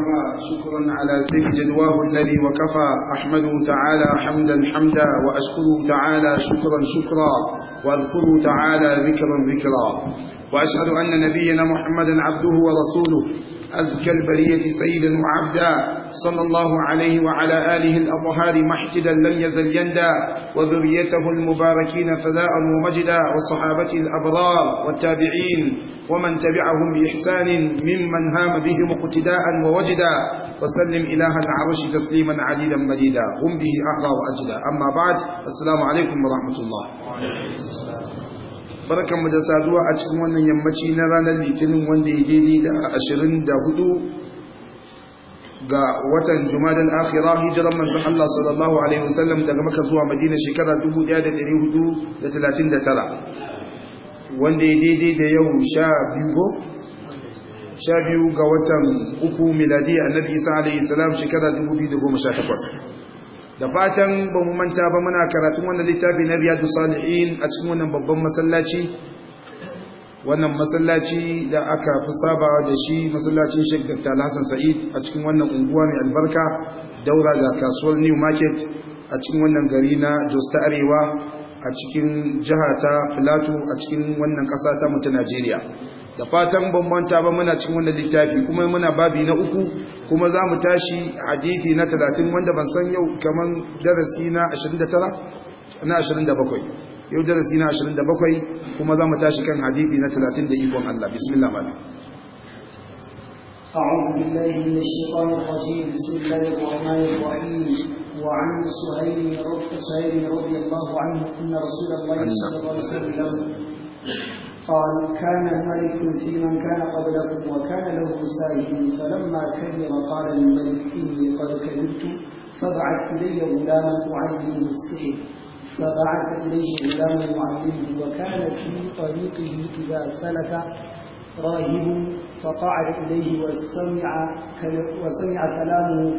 وسلم شكرا على جدواه الذي وكفى أحمده تعالى حمدا حمدا وأشكره تعالى شكرا شكرا وأذكره تعالى ذكرا ذكرا وأشهد أن نبينا محمدا عبده ورسوله أذكى البرية سيدا وعبدا صلى الله عليه وعلى آله الأطهار محجدا لم يزل يندى وذريته المباركين فداء ومجدا والصحابة الأبرار والتابعين ومن تبعهم بإحسان ممن هام بهم اقتداء ووجدا وسلم إله العرش تسليما عديدا مديدا هم به أحرى وأجدا أما بعد السلام عليكم ورحمة الله وعليكم. barkanmu da saduwa a cikin wannan yammaci na ranar litinin wanda ya daidai da 24 ga watan jumadal akhira hijiran manzon Allah sallallahu alaihi wasallam daga maka zuwa madina shekara 1439 wanda ya daidai da yau sha biyu sha biyu ga watan uku miladi annabi isa alaihi salam shekara 2018 da fatan ba mu manta ba muna karatun wannan littafi na riyadu salihin a cikin wannan babban masallaci wannan masallaci da aka fi saba da shi masallacin sheik dr hassan sa'id a cikin wannan unguwa mai albarka daura da kasuwar new market a cikin wannan gari na jos ta arewa a cikin jiha ta plateau a cikin wannan ƙasa ta mutu najeriya da fatan bambanta ba muna cikin wannan littafi kuma muna babi na uku kuma za mu tashi hadithi na 30 wanda ban san yau kamar darasi na 29 na 27 yau darasi na 27 kuma za mu tashi kan hadithi na 30 da ikon Allah bismillah malam أعوذ بالله من الشيطان الرجيم بسم الله الرحمن الرحيم وعن سهيل رضي الله عنه أن رسول الله صلى الله عليه وسلم قال كان الملك في من كان قبلكم وكان له سائل فلما كلم قال للملك إني قد كذبت فبعث إلي غلاما أعلمه السحر فبعث إليه غلاما يعلمه وكان في طريقه إذا سلك راهب فقعد إليه وسمع وسمع كلامه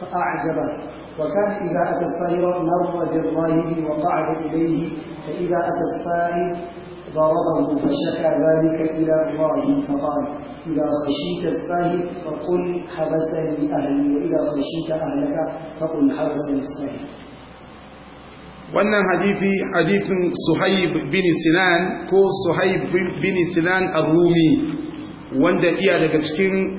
فأعجبه وكان إذا أتى السائر مر بالراهب وقعد إليه فإذا أتى السائر ضربه فشكى ذلك إلى الله فقال إذا خشيت الساهر فقل حبسني أهلي وإذا خشيت أهلك فقل حبسني الساهر wannan hadithi hadithin suhaib bin sinan ko suhaib bin sinan ar-rumi wanda iya daga cikin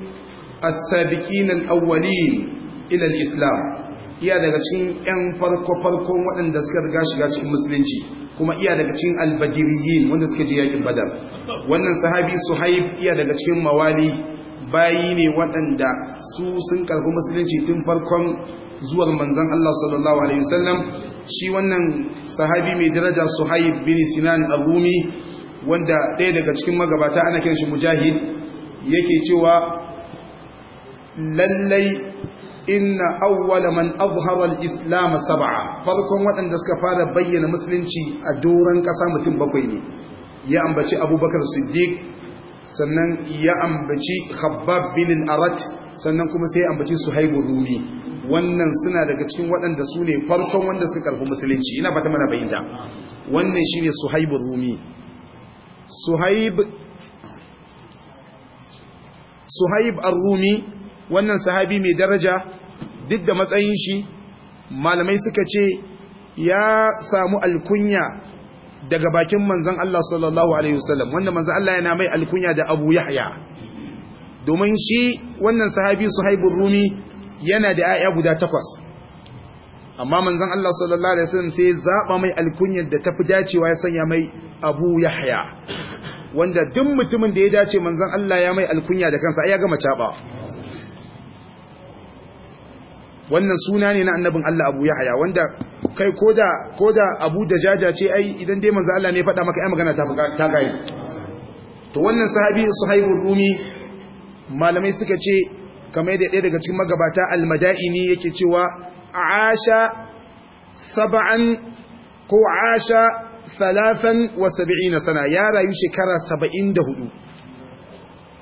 as-sabiqin al-awwalin ila al-islam iya daga cikin 'yan farko farko waɗanda suka riga shiga cikin musulunci kuma iya daga cikin albadiriyin wanda suka je yakin badar wannan sahabi suhaib iya daga cikin mawali bayi ne waɗanda su sun karfi musulunci tun farkon zuwar manzan Allah sallallahu alaihi wasallam shi wannan sahabi mai daraja suhaib bin sinan arumi wanda ɗaya daga cikin magabata ana kiran shi mujahid yake cewa lallai inna awwala man azhara al-islam sab'a farkon waɗanda suka fara bayyana musulunci a doran ƙasa mutum bakwai ne ya ambaci abubakar siddiq sannan ya ambaci khabbab bin al-arat sannan kuma sai ya ambaci suhaibu rumi wannan suna daga cikin waɗanda su ne farkon wanda suka karfi musulunci ina fata mana bayyana wannan shine suhaibu rumi suhaib suhaib ar-rumi wannan sahabi mai daraja duk da matsayin shi malamai suka ce ya samu alkunya daga bakin manzan Allah sallallahu alaihi wasallam wanda manzan Allah yana mai alkunya da Abu Yahya domin shi wannan sahabi su haibun Rumi yana da 'ya'ya guda takwas amma manzan Allah sallallahu alaihi wasallam sai zaɓa mai alkunyar da tafi dacewa ya sanya mai Abu Yahya wanda duk mutumin da ya dace manzan Allah ya mai alkunya da kansa ai ya gama caɓa wannan suna ne na annabin Allah Abu haya wanda kai koda koda Abu jaja ce ai idan dai manzo Allah ne faɗa maka 'ya magana ta ta to wannan sahabi haihu Rumi malamai suka ce kamar da ɗaya daga cikin magabata al ne yake cewa Aisha sab'an ko Aisha 73 sana ya rayu shekara da 74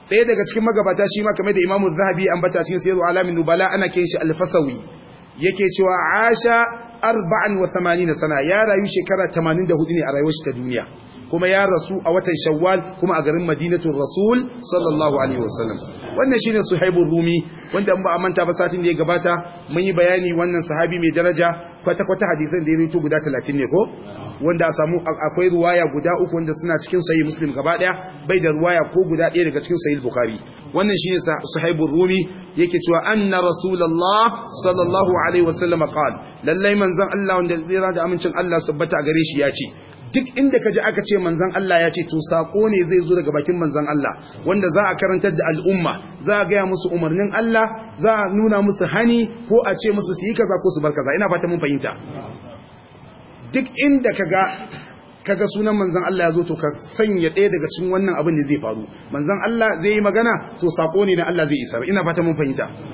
ɗaya daga cikin magabata shi ma kamar da imamun zahabi ambata cikin sayyidu alamin nubala ana kiran shi alfasawi yake cewa asha arba'an wa na sana ya rayu shekara hudu ne a rayuwar shi ta duniya kuma ya rasu a watan shawwal kuma a garin madinatul rasul sallallahu alaihi wasallam wannan shine suhaibur rumi wanda an ba a manta ba satin da ya gabata mun yi bayani wannan sahabi mai daraja kwata-kwata hadisan da ya guda talatin ne ko wanda a samu akwai ruwaya guda uku wanda suna cikin sayi muslim gaba daya bai da ruwaya ko guda daya daga cikin sayi bukhari wannan shine sahibur rumi yake cewa anna rasulallah sallallahu alaihi wasallam qala lallai manzon Allah wanda zira da amincin Allah sabbata a gare shi ya ce duk inda ka ji aka ce manzan Allah ya ce to sako ne zai zo daga bakin manzan Allah wanda za a karantar da al'umma za a gaya musu umarnin Allah za a nuna musu hani ko a ce musu su yi kaza ko su bar kaza ina fata mun fahimta duk inda ka ga kaga sunan manzan Allah ya zo to ka sanya ɗaya daga cikin wannan abin da zai faru manzan Allah zai yi magana to sako ne na Allah zai isa ina fata mun fahimta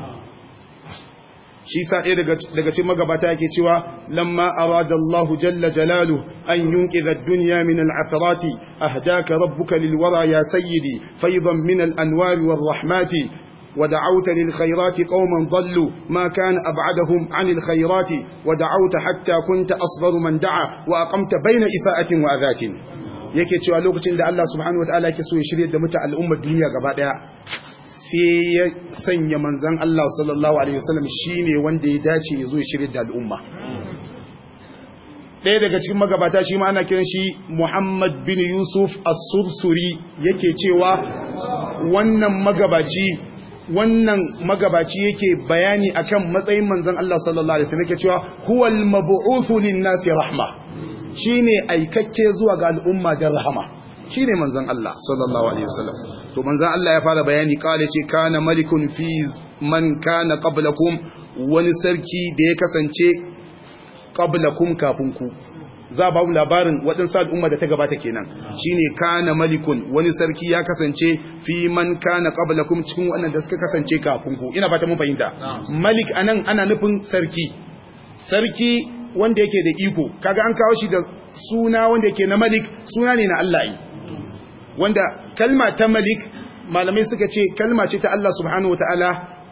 shi sa ɗaya daga cikin magabata yake cewa lamma arada Allah jalla jalalu an yunqidha ad-dunya min al-'atharati ahdaka rabbuka lil-wara ya sayyidi faydan min al-anwar war-rahmati ودعوت للخيرات قوما ضلوا ما كان أبعدهم عن الخيرات ودعوت حتى كنت أصبر من دعا وأقمت بين إفاءة وأذات yake cewa lokacin da Allah subhanahu wataala yake so ya shirye da muta al'ummar duniya gaba daya sai ya sanya manzan Allah sallallahu alaihi wasallam shine wanda ya dace ya zo ya shirya da al'umma ɗaya daga cikin magabata shi ma ana kiran shi Muhammad bin Yusuf as yake cewa wannan magabaci wannan magabaci yake bayani akan matsayin manzon Allah sallallahu alaihi wasallam yake cewa huwal mab'uthu lin-nasi rahma shine aikakke zuwa ga al'umma da rahama shine manzan Allah sallallahu alaihi wasallam to manzan Allah ya fara bayani kala ce kana malikun fi man kana qablakum wani sarki da ya kasance qablakum kafin ku za ba mu labarin sa al'umma da ta gabata kenan shine kana malikun wani sarki ya kasance fi man kana qablakum cikin wannan da suka kasance kafin ku ina fata mun fahimta malik anan ana nufin sarki sarki wanda yake da iko kaga an kawo shi da suna wanda yake na malik suna ne na Allah wanda kalma ta malik malamai suka ce kalma ce ta Allah subhanahu wataala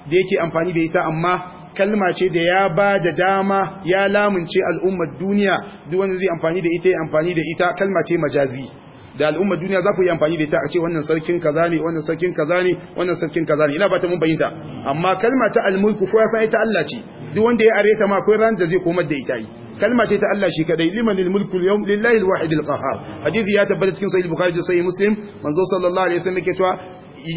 da yake amfani da ita amma kalma ce da ya ba da dama ya lamunce al'ummar duniya duk wanda zai amfani da ita ya amfani da ita kalma ce majazi da al'ummar duniya za ku yi amfani da ita a ce wannan sarkin kaza ne wannan sarkin kaza ne wannan sarkin kaza ne ina fata mun bayyana amma kalma ta almulku ko ya san ita Allah ce duk wanda ya are ta ma akwai ran da zai komar da ita yi kalma ce ta Allah shi kadai liman mulku al-yawm lillahi al-wahid al-qahhar hadisi ya tabbata cikin sahih bukhari da sahih muslim manzo sallallahu alaihi wasallam yake cewa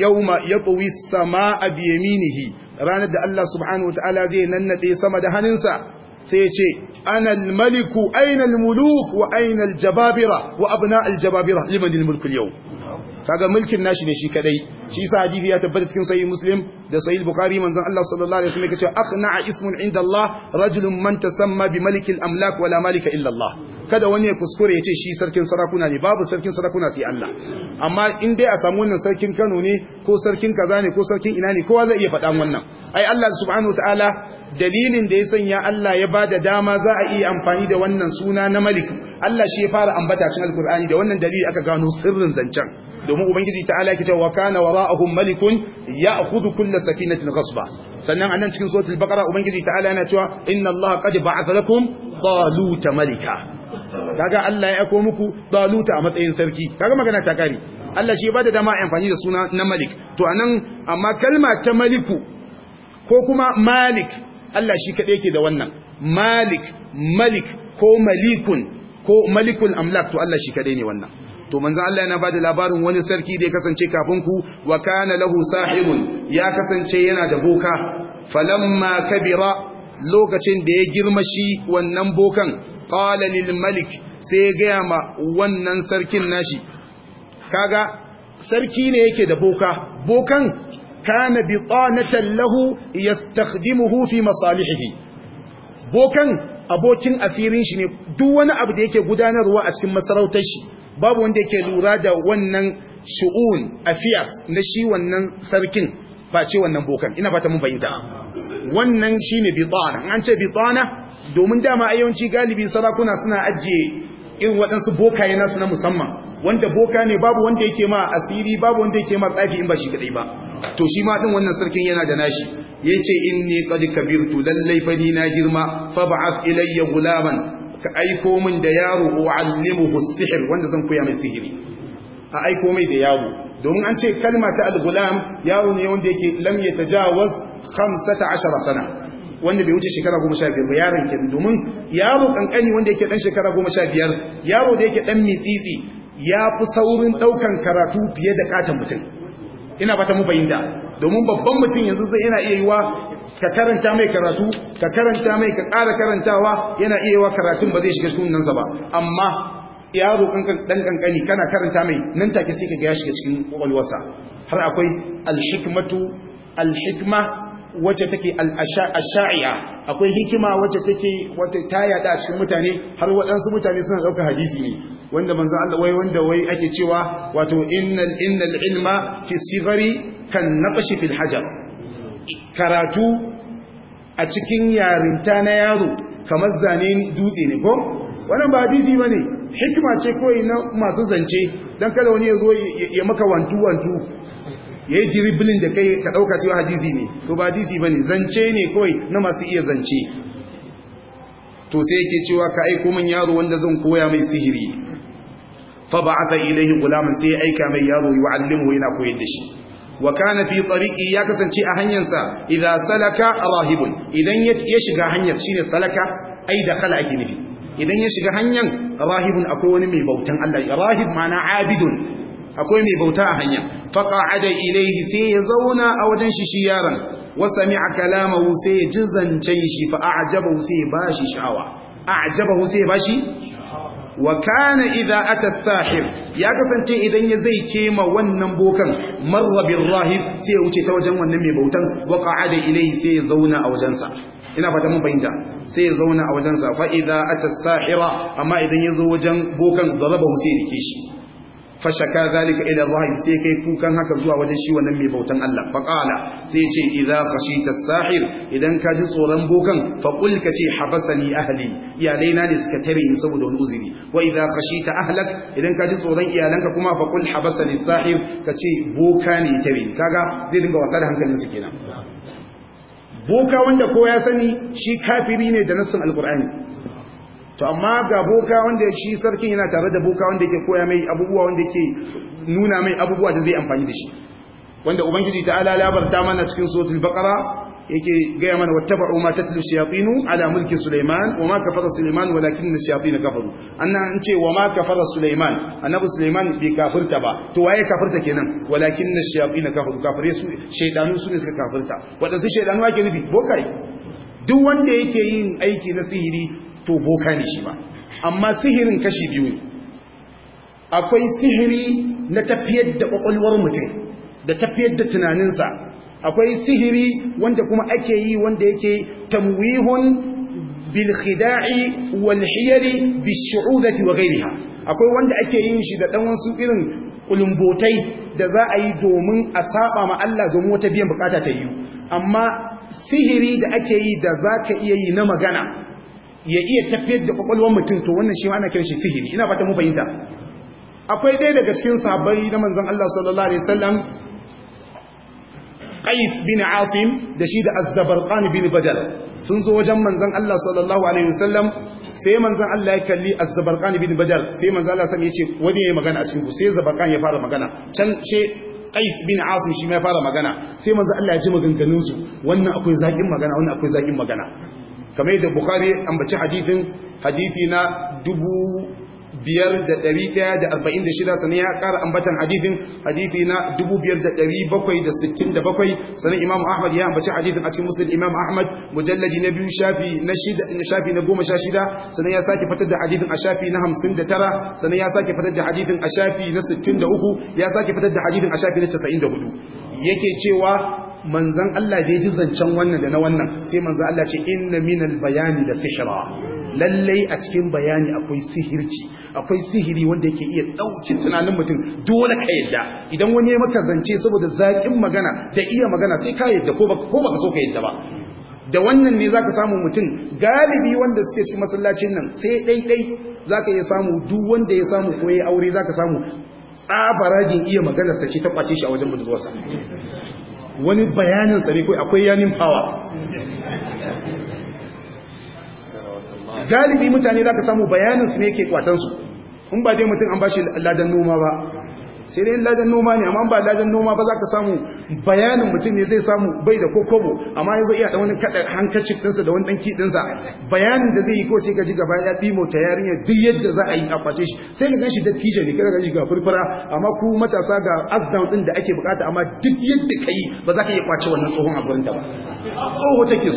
yawma yatwi as-samaa bi yaminihi ranar da Allah subhanahu wataala zai nannade sama da hannunsa sai ya ce ana al-maliku aina al-muluk wa aina al-jababira wa abna al-jababira liman al-mulku al-yawm kaga mulkin nashi ne shi kadai shi yasa hadisi ya tabbata cikin sahih muslim da sahih bukhari manzon Allah sallallahu alaihi wasallam kace aqna'a ismun inda Allah rajulun man tasamma bi malik al-amlak wala malika illa Allah kada wani ya kuskure ya ce shi sarkin sarakuna ne babu sarkin sarakuna sai Allah amma in dai a samu wannan sarkin Kano ne ko sarkin kaza ne ko sarkin ina ne kowa zai iya faɗan wannan ai Allah subhanahu wataala dalilin da ya sanya Allah ya bada dama za a iya amfani da wannan suna na malik Allah shi ya fara ambata cikin alkur'ani da wannan dalili aka gano sirrin zancen domin ubangiji ta'ala yake cewa kana wara'ahum malikun ya'khudhu kulla sakinatin ghasba sannan anan cikin suratul baqara ubangiji ta'ala yana cewa inna Allaha qad ba'atha lakum taluta malika kaga Allah ya aiko muku taluta a matsayin sarki kaga magana ta kare Allah shi ya bada dama amfani da suna na malik to anan amma kalma ta maliku ko kuma malik Allah shi kaɗai ke da wannan malik malik ko malikun ko malikul amlak to Allah shi kaɗai ne wannan to manzon Allah yana bada labarin wani sarki da ya kasance kafin ku wa kana lahu sahibun ya kasance yana da boka falamma kabira lokacin da ya girma shi wannan bokan qala lil malik sai ya gaya ma wannan sarkin nashi kaga sarki ne yake da boka bokan kana bitanatan lahu yastakhdimuhu fi masalihihi bokan abokin asirin shi ne duk wani abu da yake gudanarwa a cikin masarautar shi babu wanda yake lura da wannan shu'un afiyas na shi wannan sarkin face wannan bokan ina mun wannan an ce bitana domin dama yawanci galibi sarakuna suna ajiye irin waɗansu bokaye nasu na musamman wanda boka ne babu wanda yake ma asiri babu wanda yake ma tsafi in ba shi ba to shi ma din wannan sarkin yana da nashi yace inni qad kabirtu lallai fani na girma fab'ath ilayya gulaman ka aiko min da yaro uallimuhu sihr wanda zan koya mai sihiri a aiko mai da yaro domin an ce kalma ta al-gulam yaro ne wanda yake lam yatajawaz 15 sana wanda bai wuce shekara goma sha biyar ba yaron kenan domin yaro kankani wanda yake dan shekara goma sha biyar yaro da yake dan mitsitsi ya fi saurin daukan karatu fiye da katon mutum ina fata mu fahimta domin babban mutum yanzu zai yana iya yiwa ka karanta mai karatu ka karanta mai ka ƙara karantawa yana iya yiwa karatun ba zai shiga cikin nan ba amma yaro kankan dan kankani kana karanta mai nan take sai ka ga ya shiga cikin kwakwalwarsa har akwai alhikmatu alhikma wacce take al-asha'ira akwai hikima wacce take wata ta yada a cikin mutane har waɗansu mutane suna ɗauka hadisi ne wanda manzo Allah wai wanda wai ake cewa wato innal innal ilma fi sigari kan naqshi fil hajar karatu a cikin yarinta na yaro kamar zane dutse ne ko wannan ba hadisi bane hikima ce koyi na masu zance dan kada wani ya zo ya maka wantu wantu ya yi dribbling da kai ka dauka cewa hadisi ne to ba hadisi bane zance ne koyi na masu iya zance to sai yake cewa ka aiko min yaro wanda zan koya mai sihiri fa ba'atha ilayhi gulaman sai ya aika mai yaro ya allimu yana koyar da shi wa kana fi tariqi ya kasance a hanyarsa idza salaka rahibun idan ya shiga hanyar shine salaka ai da kala ake nufi idan ya shiga hanyar rahibun akwai wani mai bautan Allah rahib mana abidun akwai mai bauta a hanya faqa'ada ilayhi sai ya zauna a wajen shi shi yaron wa sami'a kalamahu sai ya ji zancen shi fa a'jabahu sai ya bashi sha'awa a'jabahu sai ya bashi wa kana idza ata ya kasance idan ya zai kema wannan bokan marra bil rahib sai ya wuce ta wajen wannan mai bautan wa qa'ada ilayhi sai ya zauna a wajensa ina fata mun fahimta sai ya zauna a wajensa fa idza ata sahira amma idan ya zo wajen bokan zaraba sai ya dike shi fashaka zalika ila Allah sai kai kukan haka zuwa wajen shi wannan mai bautan Allah fa qala sai ya ce idza khashita sahir idan ka ji tsoron bokan fa qul ka ce habasani ahli na ne suka tare ni saboda wani uzuri wa idza khashita ahlak idan ka ji tsoron iyalanka kuma fa qul habasani sahir ka ce boka ne tare ni kaga zai dinga wasa da hankalin su kenan boka wanda ko ya sani shi kafiri ne da nassin alqur'ani to amma ga boka wanda shi sarkin yana tare da boka wanda yake koya mai abubuwa wanda yake nuna mai abubuwa da zai amfani da shi wanda ubangiji ta ala labarta mana cikin suratul baqara yake gaya mana wattaba'u ma tatlu shayatinu ala mulki sulaiman wa ma kafara sulaiman ash shayatin kafaru annan an ce wa ma kafara sulaiman annabi sulaiman bai kafirta ba to waye kafirta kenan ash shayatin kafaru kafare su shaydanu su ne suka kafirta wadansu shaydanu ake nufi bokai duk wanda yake yin aiki na sihiri to boka ne shi ba amma sihirin kashi biyu akwai sihiri na tafiyar da kwakwalwar mutum da tafiyar da tunaninsa akwai sihiri wanda kuma ake yi wanda yake tamwihun bil khida'i wal hiyari bil shu'udati wa ghayriha akwai wanda ake yin shi da dan wasu irin kulumbotai da za a yi domin a saba ma Allah domin wata biyan bukata ta yi amma sihiri da ake yi da zaka iya yi na magana ya iya tafiyar da kwakwalwar mutum to wannan shi ma'ana ana kiran shi sihiri ina fata mun fahimta akwai ɗaya daga cikin sahabbai na manzon Allah sallallahu alaihi wasallam Qais bin Asim da shi da Az-Zabarqani bin Badal sun zo wajen manzon Allah sallallahu alaihi wasallam sai manzon Allah ya kalli Az-Zabarqani bin Badal sai manzon Allah ya ce wani yi magana a cikin ku sai Zabarqani ya fara magana can ce Qais bin Asim shi ma ya fara magana sai manzon Allah ya ji maganganun su wannan akwai zakin magana wannan akwai zakin magana kamar da bukhari ambaci hadithin hadithi na 5146 sannan ya ƙara ambatan hadithin hadithi na 5767 sannan imam ahmad ya ambaci hadithin a cikin musulun imam ahmad mujalladi na biyu shafi na goma sha shida sannan ya sake fatar da hadithin a shafi na hamsin da tara sannan ya sake fatar da hadithin a shafi na sittin da uku ya sake fatar da hadithin a shafi na casa'in da hudu yake cewa manzan Allah da ya ji zancen wannan da na wannan sai manzan Allah ce inna minal bayani da sihira lallai a cikin bayani akwai sihirci akwai sihiri wanda yake iya ɗaukin tunanin mutum dole ka yadda idan wani ya maka zance saboda zaƙin magana da iya magana sai ka yadda ko baka so ka yadda ba da wannan ne zaka samu mutum galibi wanda suke cikin masallacin nan sai ɗaiɗai zaka iya samu duk wanda ya samu ko ya aure zaka samu tsabaragin iya maganarsa ce ta kwace shi a wajen budurwarsa wani bayanin tsare kai akwai yanin hawa galibi mutane za ka samu bayanin su ne ke kwatansu in ba dai mutum an ba shi ladan noma ba sai dai lajin noma ne amma ba lajin noma ba za ka samu bayanin mutum ne zai samu bai da kokobo amma yanzu iya da wani kaɗa hankacin ɗinsa da wani ɗanki ɗinsa bayanin da zai yi ko sai ka ji gaba ya ɗimo ta yarinya duk yadda za a yi a kwace shi sai ka ganshi tije ne kada ka ji ga furfura amma ku matasa ga azdown ɗin da ake bukata amma duk yadda ka yi ba za ka iya kwace wannan tsohon abuwan ta ba tsoho take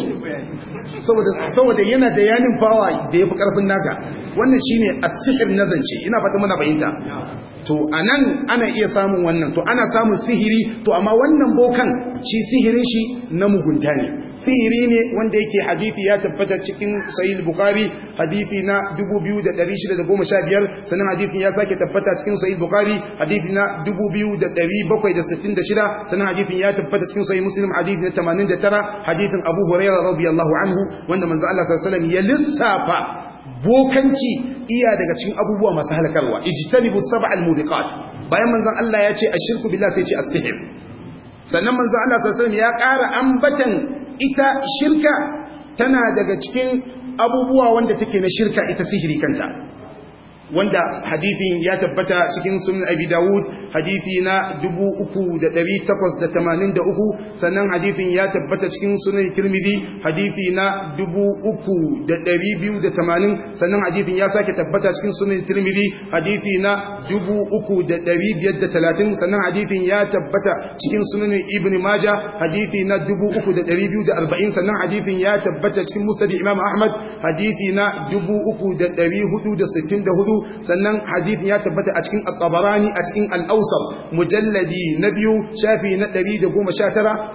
so saboda yana da yanin bawa da ya fi ƙarfin naka wannan shine asihir nazance ina fata mana fahimta to anan ana iya samun wannan to ana samun sihiri to amma wannan bokan shi sihirin shi na mugunta ne sihiri ne wanda yake Hadithi ya tabbata cikin sahih bukhari Hadithi na 2615 sanan hadisin ya sake tabbata cikin sahih bukhari Hadithi na 2766 sanan hadisin ya tabbata cikin sahih muslim Hadithi na 89 hadisin abu hurairah radiyallahu anhu wanda manzo Allah sallallahu alaihi wasallam ya lissafa bokanci iya daga cikin abubuwa masu halakarwa ijtanibu sab'al mubiqat bayan manzon Allah ya ce ashirku billahi sai ce as-sihr sannan manzon Allah sallallahu alaihi ya ƙara ambatan ita shirka tana daga cikin abubuwa wanda take na shirka ita sihiri kanta wanda hadithin ya tabbata cikin sunan abi dawud hadithi na 3883 sannan hadithin ya tabbata cikin sunan tirmidhi hadithi na 3280 sannan hadithin ya sake tabbata cikin sunan tirmidhi hadithi na 3530 sannan hadithin ya tabbata cikin sunan ibn majah hadithi na 3240 sannan hadithin ya tabbata cikin musnad imam ahmad hadithi na 3464 sannan hadithin ya tabbata a cikin at-tabarani a cikin al-awsat mujalladi na biyu shafi na 119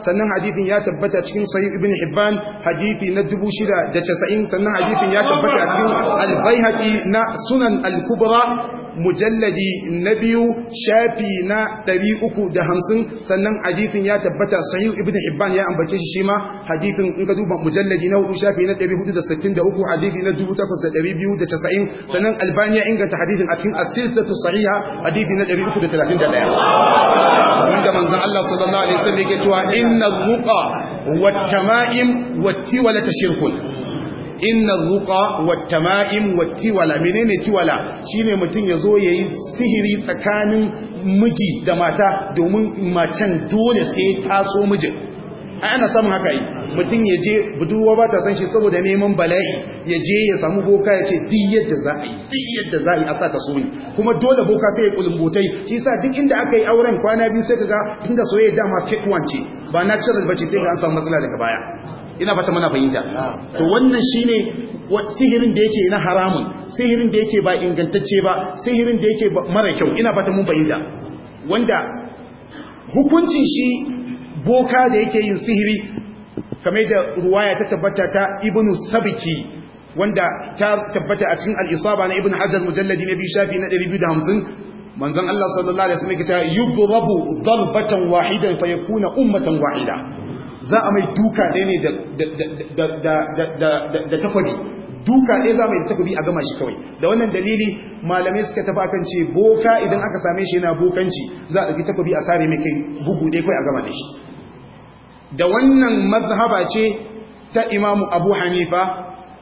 sannan hadithin ya tabbata cikin sahih ibn hibban hadithi na casa'in sannan hadithin ya tabbata a cikin al-baihaqi na sunan al-kubra mujalladi na biyu shafi na 350 sannan hadithin ya tabbata sahih ibn hibban ya ambace shi shima hadithin in ka duba mujalladi na hudu shafi na 463 hadithi na 8290 sannan albani ya inganta hadithin a cikin as-silsatu sahiha hadithi na 331 wanda manzon Allah sallallahu alaihi wasallam yake cewa inna ruqa wat tama'im wat tiwala tashirkun. inna zuqa wa tama'im wa tiwala menene tiwala shine mutun yazo yayi sihiri tsakanin miji da mata domin macen dole sai ta so A ana samun haka yi mutum ya je budurwa ba ta san shi saboda neman bala'i ya je ya samu boka ya ce duk yadda za a yi duk yadda za a yi a sa ta so kuma dole boka sai ya kulumbotai shi sa duk inda aka yi auren kwana biyu sai ka ga inda soyayya dama fit one ce ba natural ba ce sai ga an samu matsala daga baya ina fata mana fahimta to wannan shine sihirin da yake na haramun sihirin da yake ba ingantacce ba sihirin da yake mara kyau ina fata mun fahimta wanda hukuncin shi boka da yake yin sihiri kamar da ruwaya ta tabbata ta ibnu sabiki wanda ta tabbata a cikin al-isaba na ibnu hajar mujalladi na biyu shafi na 250 manzon Allah sallallahu alaihi wasallam yake cewa yudrabu darbatan wahidan fayakuna ummatan wahida za a mai duka ɗaya ne da takwabi duka ɗaya za a mai takwabi a gama shi kawai da wannan dalili malamai suka tafi kan ce boka idan aka same shi yana bokanci za a ɗauki takwabi a sare mai kai bugu ɗaya kawai a gama da shi da wannan mazhaba ce ta imamu abu hanifa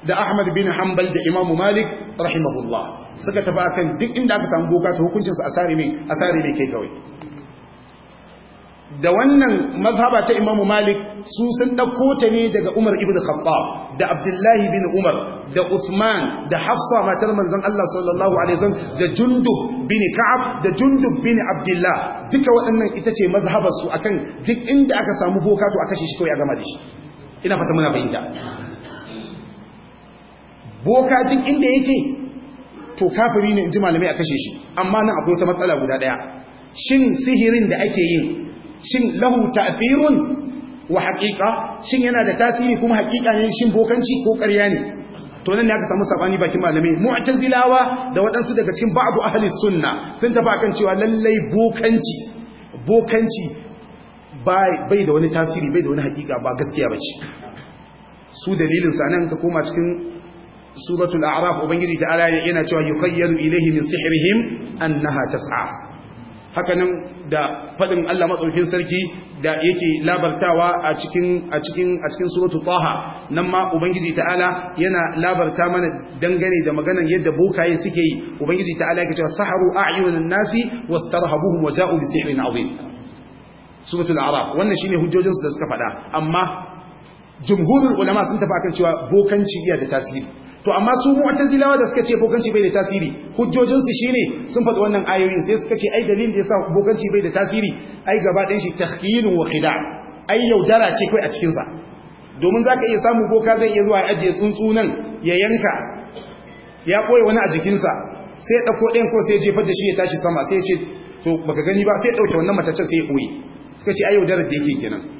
da ahmad bin hanbal da imamu malik rahimahullah suka tafi kan duk inda aka samu boka ta hukuncinsa a sare mai kai kawai da wannan mazhaba ta imamu malik su sun ɗauko ta ne daga umar ibn khattab da abdullahi bin umar da usman da hafsa matar manzon allah sallallahu alaihi wasallam da jundub bin ka'ab da jundub bin abdullah duka waɗannan ita ce mazhabar su akan duk inda aka samu boka to aka shi shi kawai a gama da shi ina fata muna fahimta boka duk inda yake to kafiri ne in ji malamai a kashe shi amma nan akwai wata matsala guda ɗaya shin sihirin da ake yin shin lahu ta'thirun wa haqiqa shin yana da tasiri kuma haqiqa ne shin bokanci ko ƙarya ne to nan ne aka samu sabani bakin malamai mu'tazilawa da waɗansu daga cikin ba'du ahli sunna sun tafi akan cewa lallai bokanci bokanci bai da wani tasiri bai da wani haƙiƙa ba gaskiya bace su dalilin sa nan ka koma cikin suratul a'raf ubangiji ta'ala yana cewa yukhayyaru ilayhi min sihrihim annaha tas'a hakanan da faɗin Allah matsaukin sarki da yake labartawa a cikin a cikin a cikin suratu taha nan ma ubangiji ta'ala yana labarta mana dangane da maganan yadda bokaye suke yi ubangiji ta'ala yake cewa saharu a'yunan nasi wastarhabuhum wa ja'u bi sihrin azim suratul a'raf wannan shine hujjojin su da suka faɗa. amma jumhurul ulama sun tafi akan cewa bokanci iya da tasiri to amma su mu'tazilawa da suka ce bokanci bai da tasiri hujjojin su ne sun faɗi wannan ayoyin sai suka ce ai dalilin da yasa bokanci bai da tasiri ai gaba ɗin shi takhyilun wa khida ai yaudara ce kai a cikin sa domin zaka iya samu boka zai iya zuwa ya ajiye tsuntsu ya yanka ya koyi wani a jikin sa sai ya dauko ɗayan ko sai ya jefar da shi ya tashi sama sai ya ce to baka gani ba sai ya dauke wannan matacin sai ya koyi suka ce ai yaudara da yake kenan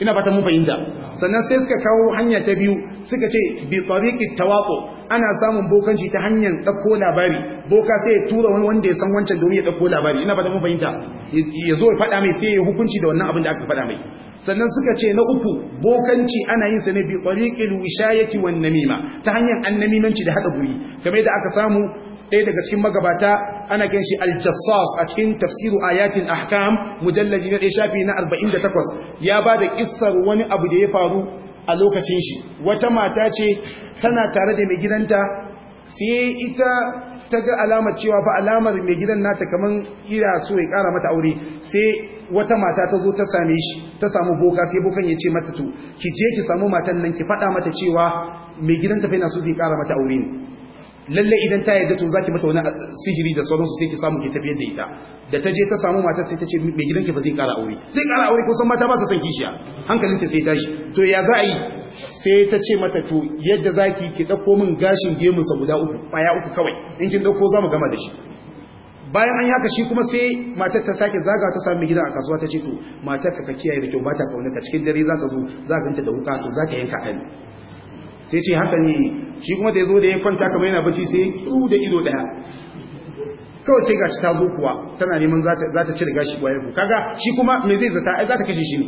ina fata mun fahimta sannan sai suka kawo hanya ta biyu suka ce bi tariqi tawaqu ana samun bokanci ta hanyar dauko labari boka sai ya tura wani wanda ya san wancan domin ya dauko labari ina fata mun fahimta ya zo ya fada mai sai ya hukunci da wannan abin da aka fada mai sannan suka ce na uku bokanci ana yin sa ne bi tariqil wishayati wan namima ta hanyar annaminanci da hada guri kamar da aka samu ɗaya daga cikin magabata ana kan shi aljassas a cikin tafsiru ayatin ahkam mujalladi na shafi na 48 ya ba da kissar wani abu da ya faru a lokacin shi wata mata ce tana tare da mai gidanta sai ita ta ga alamar cewa ba alamar mai gidan nata kaman ira so ya kara mata aure sai wata mata ta zo ta same shi ta samu boka sai bokan ya ce mata to ki je ki samu matan nan ki faɗa mata cewa mai gidan ta fa yana so zai kara mata aure ne lalle idan ta yadda to zaki mata wani sihiri da sauransu sai ki samu ki tafiyar da ita da ta je ta samu matar sai ta ce mai gidanki ba zai kara aure zai kara aure ko san mata ba su san kishiya hankalinta sai tashi to ya za a yi sai ta ce mata to yadda zaki ki dauko min gashin gemu sa guda uku baya uku kawai in kin dauko zamu gama da shi bayan an haka shi kuma sai matar ta sake zaga ta sami gidan a kasuwa ta ce to matar ka kiyaye da kyau ba ta kauna ka cikin dare za ka zo za ka ganta da wuka to za ka yanka kai sai ce haka ne shi kuma da ya zo da ya kwanta kamar yana bacci sai ya da ido daya kawai sai gashi ta zo kuwa tana neman za ta cire gashi kwayar ku kaga shi kuma me zai zata ai za ta kashe shi ne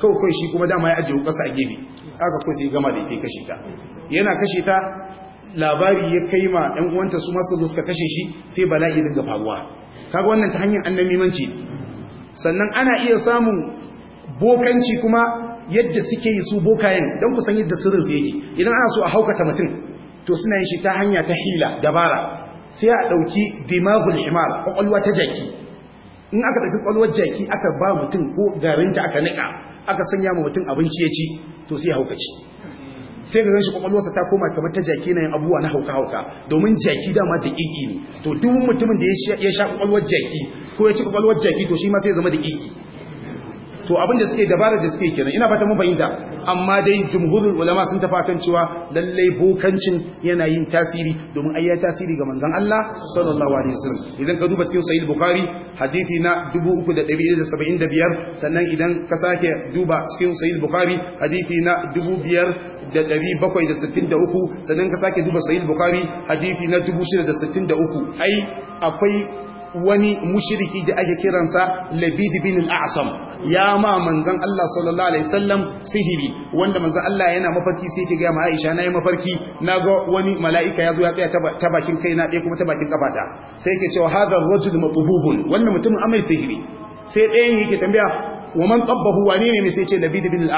kawai kawai shi kuma dama ya ajiye kasa a gefe aka kawai sai gama da ita kashe ta yana kashe ta labari ya kai ma ɗan uwanta su masu zo suka kashe shi sai bala'i dinga faruwa kaga wannan ta hanyar annabimanci sannan ana iya samun bokanci kuma yadda suke yi su bokayen don ku san yadda sirrinsu yake idan ana so a haukata mutum to suna yin shi ta hanya ta hila dabara sai a ɗauki dimagul himar ƙwaƙwalwa ta jaki in aka ɗauki ƙwaƙwalwar jaki aka ba mutum ko garinta aka niƙa aka sanya ma mutum abinci ya ci to sai ya haukaci sai ga ganshi ƙwaƙwalwarsa ta koma kamar ta jaki na yin abubuwa na hauka-hauka domin jaki dama da ƙiƙi ne to duk mutumin da ya sha ƙwaƙwalwar jaki ko ya ci ƙwaƙwalwar jaki to shi ma sai ya zama da ƙiƙi to abin da suke dabarar da suke kenan ina fata mun fahimta amma dai jumhurul ulama sun tafi kan cewa lalle bokancin yana yin tasiri domin ai tasiri ga manzon Allah sallallahu alaihi wasallam idan ka duba cikin sahih bukhari hadisi na 3175 sannan idan ka sake duba cikin sahih bukhari hadisi na 2763 sannan ka sake duba sahih bukhari hadisi na 6663 ai akwai wani mushiriki da ake kiransa labid bin al-asam ya ma manzon Allah sallallahu alaihi wasallam sihiri wanda manzon Allah yana mafarki sai ki ga ma Aisha nayi mafarki naga wani mala'ika yazo ya tsaya ta bakin kai na dai kuma ta bakin kafata sai ke cewa hadha rajul matbubun wannan mutumin amai sihiri sai ɗayan yake tambaya wa man tabbahu wane ne sai ce labid bin al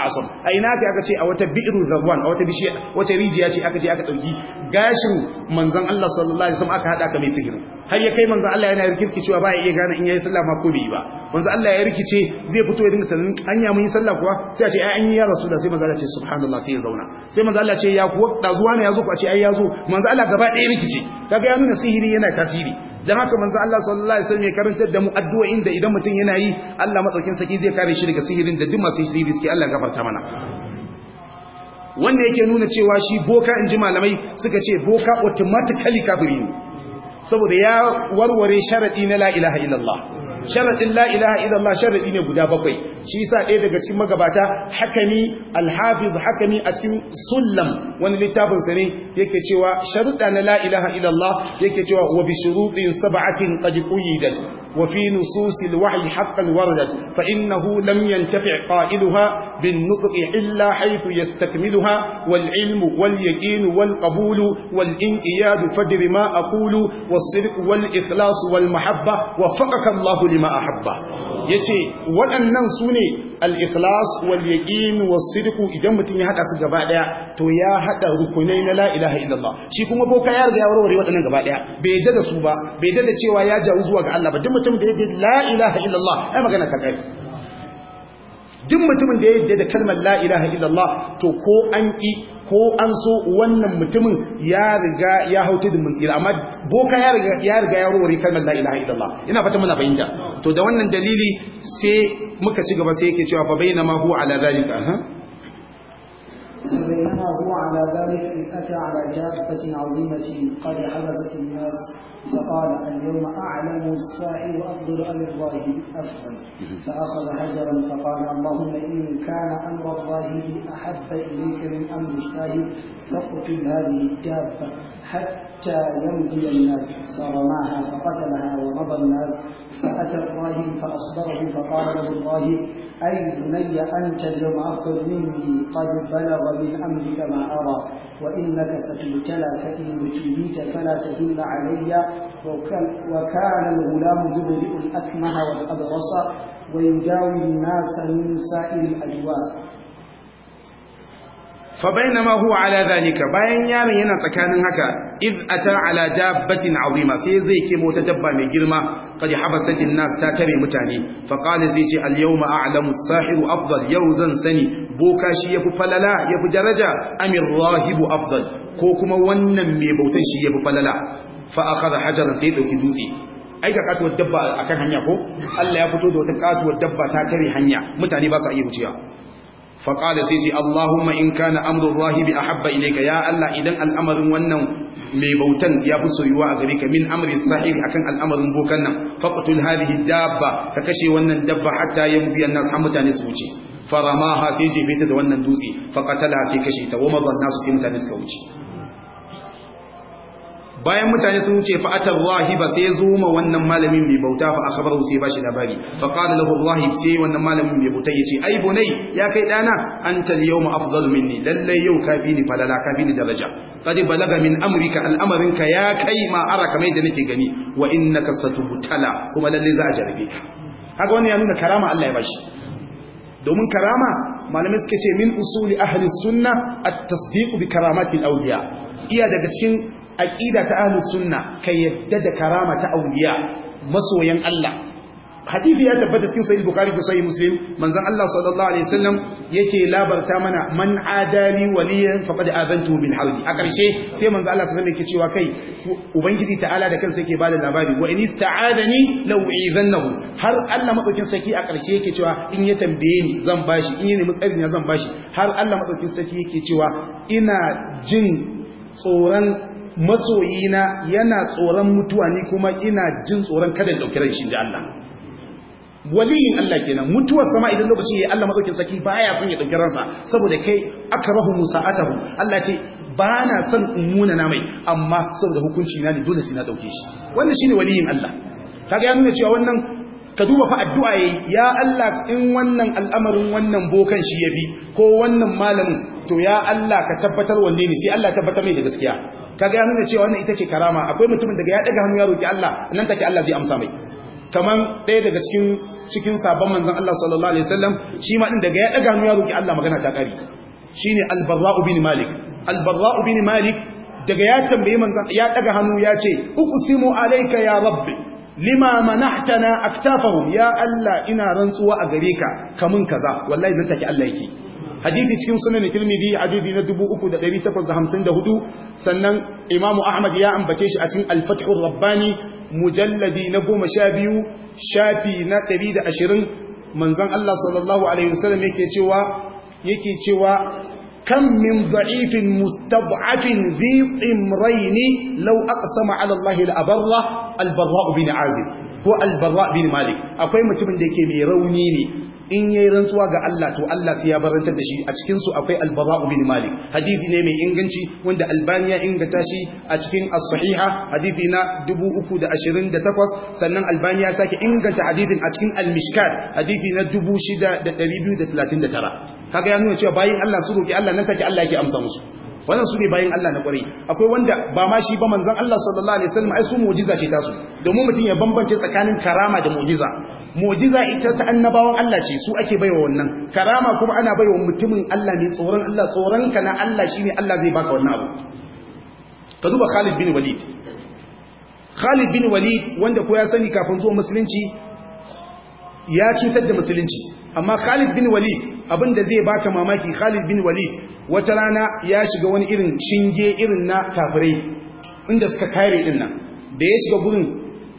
a ina ka aka ce a wata bi'ru razwan a wata bishiya wata rijiya ce aka ce aka dauki gashin manzon Allah sallallahu alaihi wasallam aka hada ka mai sihiri har ya kai manzon Allah yana rikirki cewa ba ya iya gane in yayi sallah ma ko bai ba manzon Allah ya rikice zai fito ya dinga sanin anya mun yi sallah kuwa sai a ce ai an yi ya rasulullah sai manzon Allah ce subhanallah sai ya zauna sai manzon Allah ce ya kuwa dazuwa ne yazo ku a ce ai yazo manzon Allah gaba ɗaya rikice kaga ya nuna sihiri yana tasiri dan haka manzo Allah sallallahu alaihi wasallam ya karantar da mu addu'o'in da idan mutum yana yi Allah madaukin saki zai kare shi daga sihirin da duk masu sihiri suke Allah gafarta mana wanda yake nuna cewa shi boka inji malamai suka ce boka automatically kafiri ne saboda ya warware sharadi na la ilaha illallah sharadin la ilaha illallah sharadi ne guda bakwai shi sa ɗaya daga cikin magabata hakami alhafiz hakami a cikin sullam wani littafin sa ne yake cewa sharuɗa na la'ilaha ilallah yake cewa wa bi shuruɗin sab'atin qad quyidat wa fi nususil wahyi haqqan waradat fa innahu lam yantafi qa'iduha bin nutq illa haythu yastakmiluha wal ilm wal yaqin wal qabul wal inqiyad fadr ma aqulu was sidq wal ikhlas wal mahabba wa faqaka Allahu lima ahabba ya ce waɗannan su ne al'ikhlas wa sidiku idan mutum ya haɗa su gaba ɗaya to ya haɗa rukunai na la'ilaha illallah shi kuma boka ya riga ya warware waɗannan gaba ɗaya bai dada da su ba bai dada cewa ya jawo zuwa ga Allah ba duk mutum da ya bi la'ilaha illallah ai magana ka duk mutumin da ya yadda da kalmar la'ilaha illallah to ko an ki ko an so wannan mutumin ya riga ya hauta da mutsira amma boka ya riga ya riga kalmar la'ilaha illallah ina fata muna bayyana to da wannan dalili sai muka ci gaba sai yake cewa fa bainama huwa ala zalika ha بينما هو على ذلك إذ أتى على جافة عظيمة قد حبست الناس فقال اليوم أعلم السائل وأفضل أم الله أفضل فأخذ حجرا فقال اللهم إن كان أمر الله أحب إليك من أمر الشاهد فاقتل هذه الدابة حتى يمضي الناس فرماها فقتلها ومضى الناس فأتى الراهب فأخبره فقال له الراهب أي بني أنت اليوم أفضل مني قد بلغ من أمرك ما أرى وإنك ستبتلى فإن ابتليت فلا تهن علي وكان الغلام يبرئ الأكمه والأبرص ويداوي الناس من سائر الأدواء فبينما هو على ذلك باين يارن yana tsakanin haka iz ata ala dabbatin azima sai zai kemo ta dabba mai girma qad habasat nas ta tare mutane fa qala zai ce al yawma a'lamu as-sahiru afdal yau zan sani boka shi yafi falala yafi daraja amir rahibu afdal ko kuma wannan mai bautan shi yafi falala fa akhadha hajaran sai dauki dutse ai ka katuwar dabba akan hanya ko Allah ya fito da wata katuwar dabba ta tare hanya mutane ba sa iya wucewa fa qala sai ce Allahumma in kana amru rahibi ahabba ilayka ya Allah idan al'amarin wannan mai bautan ya fi soyuwa a gare ka min amri Isra'il akan al'amarin bokan nan faqatul hadhihi dabba ka kashe wannan dabba hatta yamdi annas har mutane su wuce faramaha sai jefe ta da wannan dutse faqatala sai kashe ta wa madanna su sai mutane su wuce bayan mutane sun wuce fa atar rahiba sai zo ma wannan malamin mai bauta fa akhbaru sai bashi labari fa qala lahu sai wannan malamin mai bauta yace ai bunai ya kai dana anta al-yawma afdalu minni lalle yau kafi ni falala kafi ni daraja qad balaga min amrika al'amarinka ya kai ma ara kamar da nake gani wa innaka satubtala kuma lalle za a jarabe ka Haka wannan ya nuna karama Allah ya bashi domin karama malamai suke ce min usuli ahli sunna at-tasdiq bi karamati al-awliya iya daga cikin aqida ta ahlus sunna ka yadda da karama ta auliya masoyan Allah hadisi ya tabbata cikin sahih bukhari da sahih muslim manzon Allah sallallahu alaihi wasallam yake labarta mana man adali waliyan faqad azantu bil harbi a karshe sai manzon Allah sallallahu alaihi wasallam yake cewa kai ubangiji ta'ala da kansa yake bada labari wa in ista'adani law izannahu har Allah madaukin saki a karshe yake cewa in ya tambaye ni zan bashi in ya nemi tsari na zan bashi har Allah madaukin saki yake cewa ina jin tsoron masoyina yana tsoron mutuwa ni kuma ina jin tsoron kada in dauki ranshi da Allah waliyin Allah kenan mutuwar sama idan lokaci ya Allah mazaukin saki baya son ya dauki ransa saboda kai akrahu musa'atahu Allah ce ba na son umuna na mai amma saboda hukunci na ne dole sai na dauke shi wannan shine waliyin Allah kaga ya nuna cewa wannan ka duba fa addu'a yayi ya Allah in wannan al'amarin wannan bokan shi bi, ko wannan malamin to ya Allah ka tabbatar wanne ne sai Allah tabbatar mai da gaskiya kaga ya nuna cewa wannan ita ce karama akwai mutumin daga ya daga hannu ya roki Allah nan take Allah zai amsa mai kaman ɗaya daga cikin cikin sabon manzon Allah sallallahu alaihi wasallam shi ma din daga ya daga hannu ya roki Allah magana ta kare shine al barra ibn malik al barra ibn malik daga ya tambaye manzon ya daga hannu ya ce uqsimu alayka ya rabbi lima manahtana aktafahum ya Allah ina rantsuwa a gare ka kamun kaza wallahi nan take Allah yake hadisi cikin sunan tirmidhi hadisi na 3854 sannan imamu ahmad ya ambace shi a cikin al-fathu rabbani mujalladi na 12 shafi na 120 manzon Allah sallallahu alaihi wasallam yake cewa yake cewa kam min da'ifin mustad'afin dhi imrayni law aqsama ala Allah al-abarra al-barra bin azib ko al-barra bin malik akwai mutumin da yake mai rauni ne in yayi rantsuwa ga Allah to Allah sai ya barantar da shi a cikin su akwai al-Bara'u bin Malik hadisi ne mai inganci wanda Albani ya inganta shi a cikin as-Sahiha hadisi na 328 sannan Albani ya sake inganta hadisin a cikin al-Mishkat hadisi na 6239 kaga ya nuna cewa bayin Allah su roki Allah nan take Allah yake amsa musu wannan su ne bayan Allah na kwarai akwai wanda ba ma shi ba manzon Allah sallallahu alaihi wasallam ai su mu'jiza ce tasu domin mutum ya bambance tsakanin karama da mu'jiza mu'jiza ita ta annabawan Allah ce su ake baiwa wannan karama kuma ana baiwa mutumin Allah ne tsoron Allah tsoron ka na Allah shine Allah zai baka wannan abu ka duba Khalid bin Walid Khalid bin Walid wanda ko ya sani kafin zuwa musulunci ya cutar da musulunci amma Khalid bin Walid abinda zai baka mamaki Khalid bin Walid wata rana ya shiga wani irin shinge irin na kafirai inda suka kare din da ya shiga gurin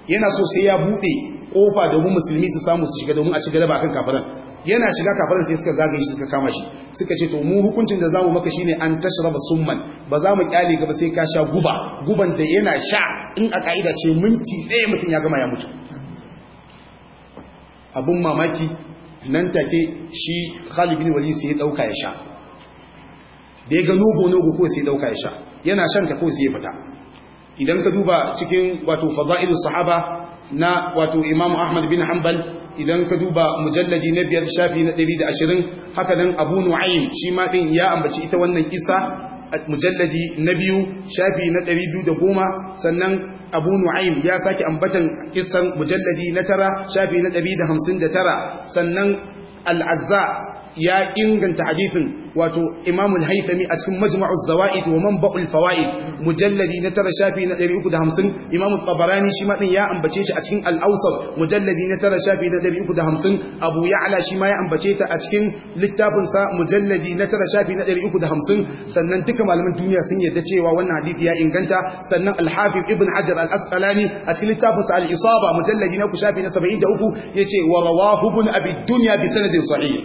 yana so sai ya bude kofa domin musulmi su samu su shiga domin a ci galaba akan kafiran yana shiga kafiran sai suka zagaye shi suka kama shi suka ce to mu hukuncin da zamu maka shine an tashraba summan ba za mu kyale ba sai ka sha guba guban da yana sha in a kaida ce minti ɗaya mutum ya gama ya mutu abun mamaki nan take shi Khalid bin Walid sai ya dauka ya sha da ya ga nogo nogo ko sai ya dauka ya sha yana shan ta ko sai ya fita idan ka duba cikin wato fadailu sahaba na wato Imam Ahmad bin Hanbal idan ka duba mujalladi na biyar shafi na 120 haka nan Abu Nu'aym shi ma din ya ambaci ita wannan kisa mujalladi na biyu shafi na 210 sannan abu nu'aim ya sake ambatan kisan mujalladi na tara shafi na 159 sannan al'azza ya inganta hadithin wato Imam al-Haythami a cikin Majma'u zawaid wa Manba'u al-Fawaid mujalladi na tara shafi na 350 Imam al-Tabarani shi ma din ya ambace shi a cikin Al-Awsat mujalladi na tara shafi na 350 Abu Ya'la shi ma ya ambace ta a cikin littafin sa mujalladi na tara shafi na 350 sannan duka malaman duniya sun yarda cewa wannan hadisi ya inganta sannan Al-Hafiz Ibn Hajar al-Asqalani a cikin littafin sa Al-Isaba mujalladi na ku shafi na 73 yace wa rawahu ibn Abi Dunya bi sanadin sahih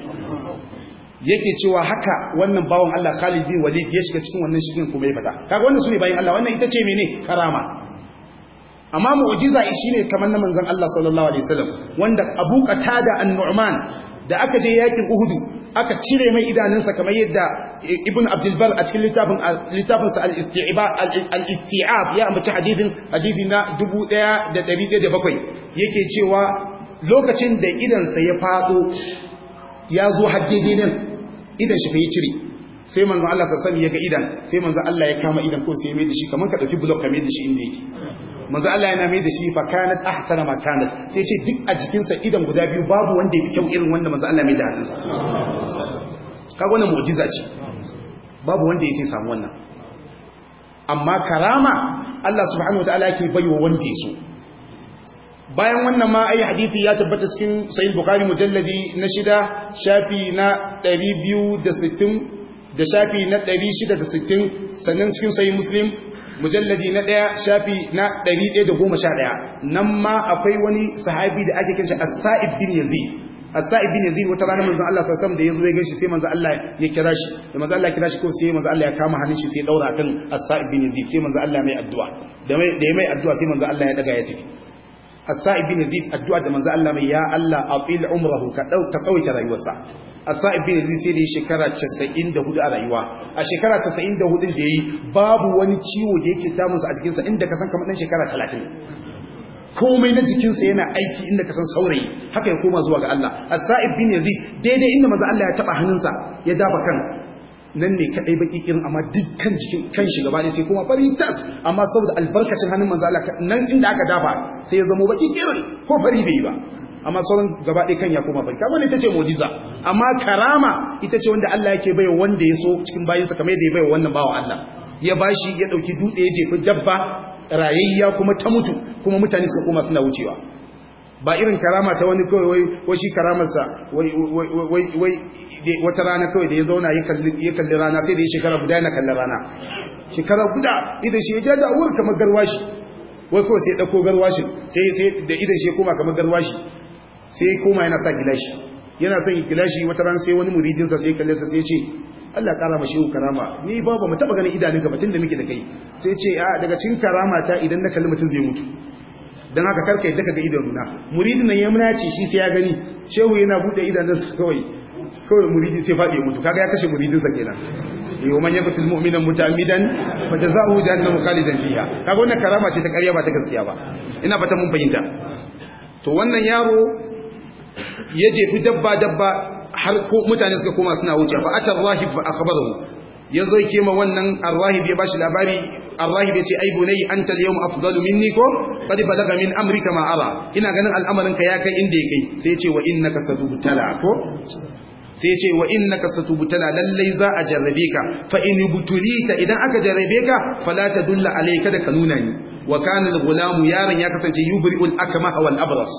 yake cewa haka wannan bawan Allah Khalid bin Walid ya shiga cikin wannan shigin kuma ya fata kaga wannan sune bayin Allah wannan ita ce mene karama amma mu'jiza shine kamar na manzon Allah sallallahu alaihi wasallam wanda Abu Qatada an-Nu'man da aka je yakin Uhud aka cire mai idanunsa kamar yadda Ibn Abdul Bar a cikin littafin littafin sa al-Isti'ab al-Isti'ab ya ambaci hadithin hadithi na 1107 yake cewa lokacin da sa ya fado ya zo haddidi idan shi fa ya cire sai manzo Allah sassani ya ga idan sai manzo Allah ya kama idan ko sai ya mai da shi kaman ka dauki block ka mai da shi inda yake manzo Allah yana mai da shi fa kanat ahsana ma kanat sai ce duk a jikinsa idan guda biyu babu wanda ya fi kyau irin wanda manzo Allah mai da hannunsa kaga wannan mu'jiza ce babu wanda ya sai samu wannan amma karama Allah subhanahu wataala yake baiwa wanda ya so bayan wannan ma ai hadisi ya tabbata cikin sahih bukhari mujalladi na shida shafi na 260 da shafi na 660 sannan cikin sahih muslim mujalladi na daya shafi na 111 nan ma akwai wani sahabi da ake kinsa as sa'id bin yazid as sa'id bin yazid wata rana manzon Allah sallallahu alaihi wasallam da yazo ya ganshi sai manzon Allah ya kira shi da manzon Allah ya kira shi ko sai manzon Allah ya kama hannun shi sai daura kan as sa'id bin yazid sai manzon Allah mai addu'a da mai da mai addu'a sai manzon Allah ya daga ya tafi Sa'ib ibn zid addu'a da manzo Allah mai ya Allah afil umrahu ka dau ka tsawaita rayuwarsa asa ibn zid sai da shekara 94 a rayuwa a shekara 94 da yayi babu wani ciwo da yake damunsa a jikinsa inda ka san kamar dan shekara 30 komai na jikinsa yana aiki inda ka san saurayi haka ya koma zuwa ga Allah as-sa'ib bin yazid daidai inda manzo Allah ya taba hannunsa ya dafa kan nan ne kaɗai baki irin amma dukkan jikin kan shi gaba ne sai kuma fari tas amma saboda albarkacin hannun manzo Allah nan inda aka dafa sai ya zama baki irin ko fari bai ba amma sauran gaba ɗaya kan ya koma fari Kamar ita ce mu'jiza amma karama ita ce wanda Allah yake bai wanda ya so cikin bayinsa kamar yadda ya bai wannan bawa Allah ya bashi ya dauki dutse ya jefi dabba rayayya kuma ta mutu kuma mutane suka koma suna wucewa ba irin karama ta wani kawai wai shi karamarsa wai wata rana kawai da ya zauna ya kalli rana sai da ya shekara guda yana kalli rana shekara guda idan shi ya jaja a wurin kamar garwashi wai kawai sai ya ɗauko garwashin sai da idan shi ya koma kamar garwashi sai ya koma yana sa gilashi yana son gilashi wata rana sai wani muridinsa sai ya sa sai ya ce Allah ƙara mashi yau karama ni ba ba mu taɓa ganin idanunka ba tun da muke da kai sai ce a daga cikin karama ta idan na kalli mutum zai mutu don haka karka yadda ka ga idanuna muridin nan ya muna ce shi sai ya gani shehu yana buɗe idanunsa kawai kawai muridi sai faɗi mutu kaga ya kashe muridinsa kenan yau man yabtu mu'minan mutamidan fa jazaohu jahannamu khalidan fiha kaga wannan karama ce ta ƙarya ba ta gaskiya ba ina fata mun fahimta to wannan yaro ya jefi dabba dabba har ko mutane suka koma suna wuce fa atar rahib fa ya zo ke ma wannan arrahib ya bashi labari ya ce ai bunayi anta al-yawm afdalu minni ko qad balaga min amrika ma ara ina ganin al'amarin ka ya kai inda ya kai sai ce wa innaka satubtala ko sai ce wa nakasatu butala lallai za a jarrabe ka fa in buturita idan aka jarrabe ka fala alai ka da kanuna ni wa kana al yaron ya kasance yubri'ul akma wal abras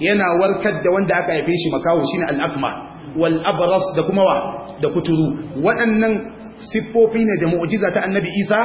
yana warkar da wanda aka haife shi makawo shine al-akma wal abras da kuma wa da kuturu waɗannan siffofi ne da mu'ujiza ta annabi Isa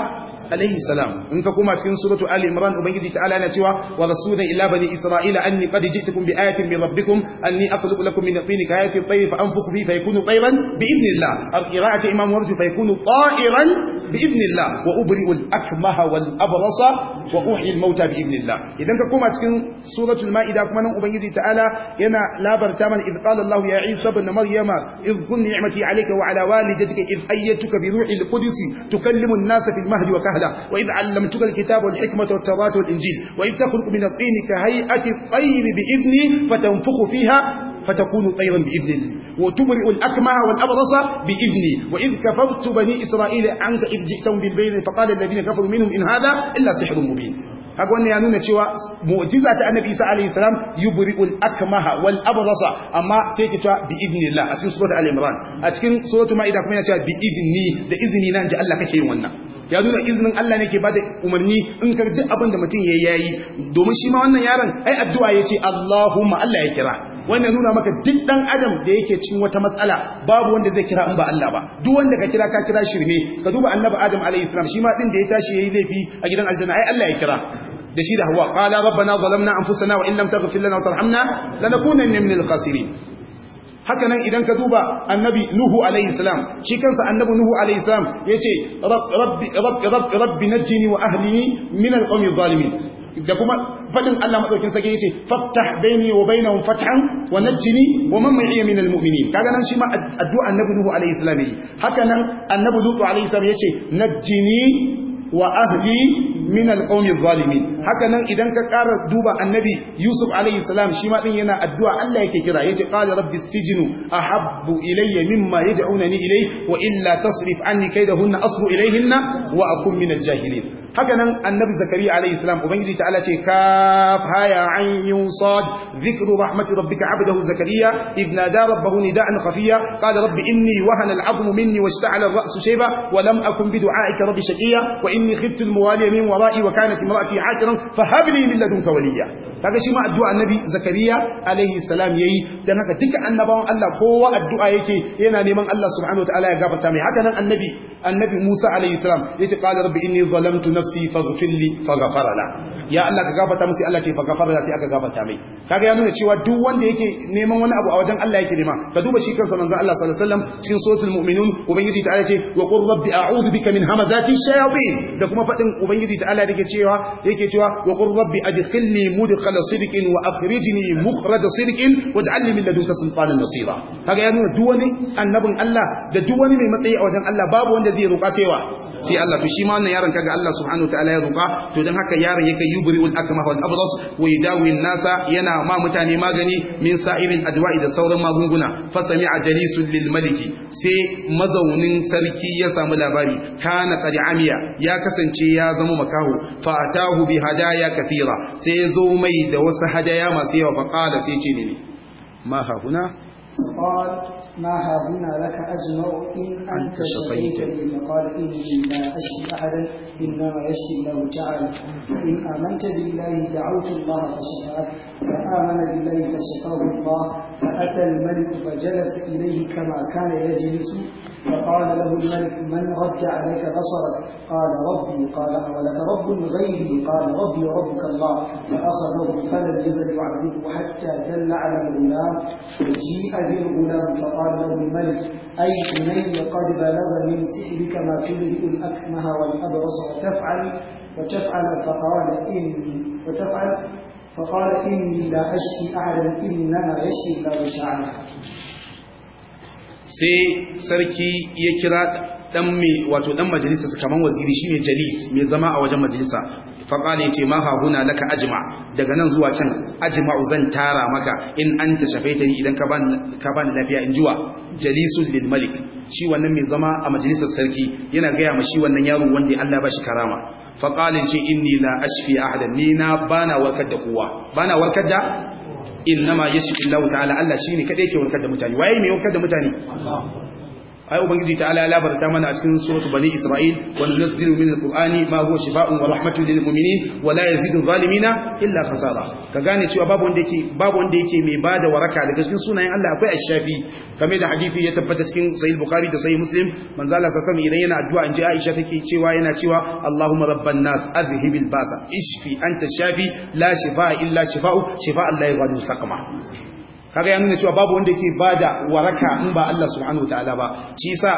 alaihi salam in ka koma cikin suratu ali imran ubangiji ta'ala yana cewa wa rasulan ila bani isra'ila anni qad ji'tukum bi ayatin min rabbikum anni akhluqu lakum min tin kayati tayr fa anfukhu fihi fayakunu tayran bi idnillah al qira'ati imam wabsi fayakunu ta'iran bi'iznillah wa ubri'ul akmaha wal abrasa wa uhyil mauta bi'iznillah idan ka koma cikin suratul maida kuma nan ubangiji ta'ala yana labarta mana idh allah ya isa ibn maryama idh kun ni'mati alayka wa ala walidatika idh ayyatuka bi ruhil qudus tukallimu an-nas fil mahdi wa kahla wa idh 'allamtuka al-kitaba wal hikmata wa tawrat wal injil wa idh takhluqu min at-tin ka hay'ati at-tayr bi'izni fatanfukhu fiha fatakunu tayran bi'izni وتبرئ الأكمه والأبرص بإذني وإذ كفرت بني إسرائيل عنك إذ جئتهم بالبين فقال الذين كفروا منهم إن هذا إلا سحر مبين haka wannan ya nuna cewa mu'jiza ta annabi isa alayhi salam yubri'ul akmaha wal abrasa amma sai ki ta bi idnillah a cikin suratul al-imran a cikin suratul maida kuma yana cewa bi idni da izini nan ji Allah kake yin wannan ya nuna izinin Allah ne ke ba da umarni in kar duk abin da mutum ya yayi domin shi ma wannan yaron ai addu'a yace Allahumma Allah ya kira wannan nuna maka duk dan adam da yake cikin wata matsala babu wanda zai kira in ba Allah ba duk wanda ka kira ka kira shirme ka duba annabi adam alayhi salam shi ma din da ya tashi yayi laifi a gidan aljanna ai Allah ya kira da shi da hawa qala rabbana zalamna anfusana wa in lam taghfir lana wa tarhamna lanakunanna minal khasirin haka nan idan ka duba annabi nuhu alaihi salam shi kansa annabi nuhu alaihi salam yace rabbi rabbi rabbi najini wa ahlini min alqawmi zalimin da kuma fadin Allah madaukin sake yace faftah baini wa bainahum fathan wa najjini wa man ma'i min almu'minin kaga nan shi ma addu'a annabi nuhu alaihi salam yi haka nan annabi lutu alaihi salam yace najini wa ahli min alqawmi zalimin haka nan idan ka ƙara duba annabi yusuf alaihi salam shi ma din yana addu'a Allah yake kira yace qala rabbi sijnu ahabbu ilayya mimma yad'unani ilayhi wa illa tasrif anni kaydahunna asbu ilayhinna wa akun min aljahilin haka nan annabi zakariya alayhi salam ubangiji ta'ala ce kaf haya ayyun sad dhikru rahmati rabbika abdahu zakariya idh da rabbahu nida'an khafiya qala rabbi inni wahana al'azmu minni washta'ala ar-ra'su shayba wa lam akun bi du'a'ika rabbi shaqiya wa inni khiftu al-muwaliya min qada'i wa kanat imra'ati aqiran fa hab li min kaga shi ma addu'a annabi zakariya alaihi salam yayi dan haka duka annabawan Allah kowa addu'a yake yana neman Allah subhanahu wataala ya gafarta mai haka nan annabi annabi Musa alaihi salam yace qala rabbi inni zalamtu nafsi faghfir li faghfara ya Allah ka gafarta masa Allah ce fa gafara sai aka gafarta mai kaga ya nuna cewa duk wanda yake neman wani abu a wajen Allah yake nema ka duba shi kansa manzon Allah sallallahu alaihi wasallam cikin suratul mu'minun ubangiji ta'ala ce wa qur rabbi a'udhu bika min hamazati shayatin da kuma fadin ubangiji ta'ala yake cewa yake cewa wa qur rabbi adkhilni mudkhala sidqin wa akhrijni mukhraj sidqin waj'alni min ladunka sultanan nasira kaga ya nuna duk wani annabin Allah da duk wani mai matsayi a wajen Allah babu wanda zai roƙa cewa sai Allah to shi ma wannan yaron kaga Allah subhanahu wa ta'ala ya roƙa to dan haka yaron yake yi yubri akmaha wal abras wa yudawi nasa yana ma mutane magani min sa'irin adwa'i da sauran magunguna fa sami'a jalisul lil maliki sai mazaunin sarki ya samu labari kana qad amiya ya kasance ya zama makaho fa atahu bi hadaya kathira sai zo mai da wasu hadaya masu yawa fa qala sai ce ne ma hahuna قال ما هاهنا لك أجمع إن أنت شقيتني فقال إني لا أشكي أحدا إنما يشكي الله تعالى فإن آمنت بالله دعوت الله فشفاك فآمن بالله فشفاه الله فأتى الملك فجلس إليه كما كان يجلس فقال له الملك من رد عليك بصرك قال ربي قال أولك رب غيري قال ربي وربك الله فأخذه فلم يزل يعذبه حتى دل على الغلام وجيء بالغلام فقال له الملك أي بني قد بلغ من سحرك ما تريد الأكمه والأبرص وتفعل وتفعل فقال إني وتفعل فقال إني لا أشكي أعلم إنما يشكي الله شعرها sai sarki ya kira dan mai wato dan majalisa kaman waziri shine jalis mai zama a wajen majalisa fa qala yace ma ha huna laka ajma daga nan zuwa can ajma zan tara maka in anta shafaitani idan ka bani ka bani lafiya in juwa jalisul lil malik shi wannan mai zama a majalisar sarki yana gaya ma shi wannan yaro wanda Allah ba shi karama fa qala yace inni la ashfi ahadan ni na bana warkar da kowa bana warkar da innama yashfi Allah ta'ala Allah shine kadai yake warkar da mutane waye mai warkar da mutane ai ubangiji ta ala labarta mana a cikin suratu bani isra'il wa nunzilu min alqur'ani ma huwa shifaa'un wa rahmatun lil mu'minin wa la yazidu zalimina illa khasara ka gane cewa babu wanda yake babu wanda yake mai bada waraka daga cikin sunayen Allah akwai ash-shafi kamar da hadisi ya tabbata cikin sahih bukhari da sahih muslim manzo Allah sallallahu alaihi idan yana addu'a inji Aisha take cewa yana cewa Allahumma rabban nas adhhibil basa ishfi anta shafi la shifaa illa shifaa'u shifaa'an la yughadiru saqama kaga ya nuna cewa babu wanda yake bada waraka in ba Allah subhanahu wataala ba shi yasa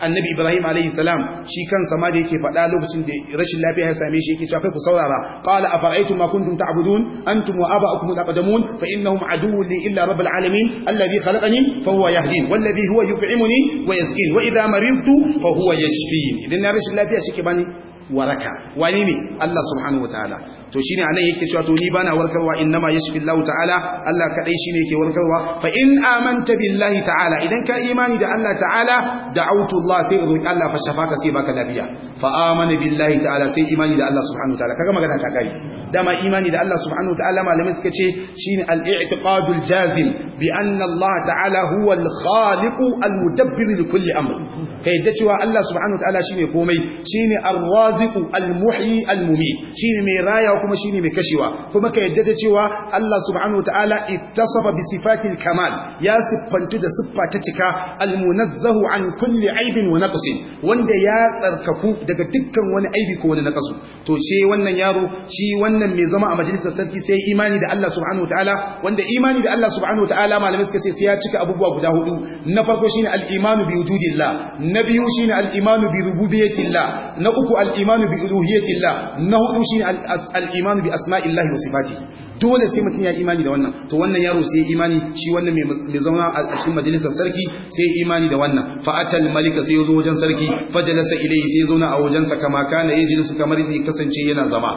annabi ibrahim alayhi salam shi kansa ma da yake faɗa lokacin da rashin lafiya ya same shi yake cewa kai ku saurara qala afara'aytum ma kuntum ta'budun antum wa aba'ukum al-aqdamun fa innahum aduwwun li illa rabbil alamin alladhi khalaqani fa huwa yahdin walladhi huwa yut'imuni wa yasqin wa idha maridtu fa huwa yashfin idan na rashin lafiya shi ke bani waraka wani ne Allah subhanahu wataala to shine anan yake cewa to ni bana warkarwa innama yashfi Allah ta'ala Allah kadai shine yake warkarwa fa in amanta billahi ta'ala idan ka imani da Allah ta'ala da'awtu Allah sai roki Allah fa shafaka sai baka lafiya fa amana billahi ta'ala sai imani da Allah subhanahu wa ta'ala kaga magana ta kai dama imani da Allah subhanahu wa ta'ala malamai suka ce shine al-i'tiqadul jazim bi anna Allah ta'ala huwa al-khaliqu al-mudabbir li kulli amr kai da cewa Allah subhanahu wa ta'ala shine komai shine ar-raziqu al-muhyi al-mumit shine mai raya Allah kuma shine mai kashewa kuma ka yadda da cewa Allah subhanahu wataala ittasafa bi sifatil kamal ya siffantu da siffa ta cika almunazzahu an kulli aibin wa naqsin wanda ya tsarkaku daga dukkan wani aibi ko wani naqsu to ce wannan yaro shi wannan mai zama a majalisar sarki sai imani da Allah subhanahu wataala wanda imani da Allah subhanahu wataala malamai suka ce sai ya cika abubuwa guda hudu na farko shine al-imanu bi wujudillah na biyu shine al-imanu bi rububiyyatillah na uku al-imanu bi uluhiyyatillah na hudu shine al al-imanu bi asma'illahi wa Fati dole sai mutum ya imani da wannan to wannan yaro sai imani shi wannan mai zama a cikin majalisar sarki sai imani da wannan fa atal malika sai zo wajen sarki fa jalasa ilayhi sai zauna a wajen kama kana yajlisu kamar yadda kasance yana zama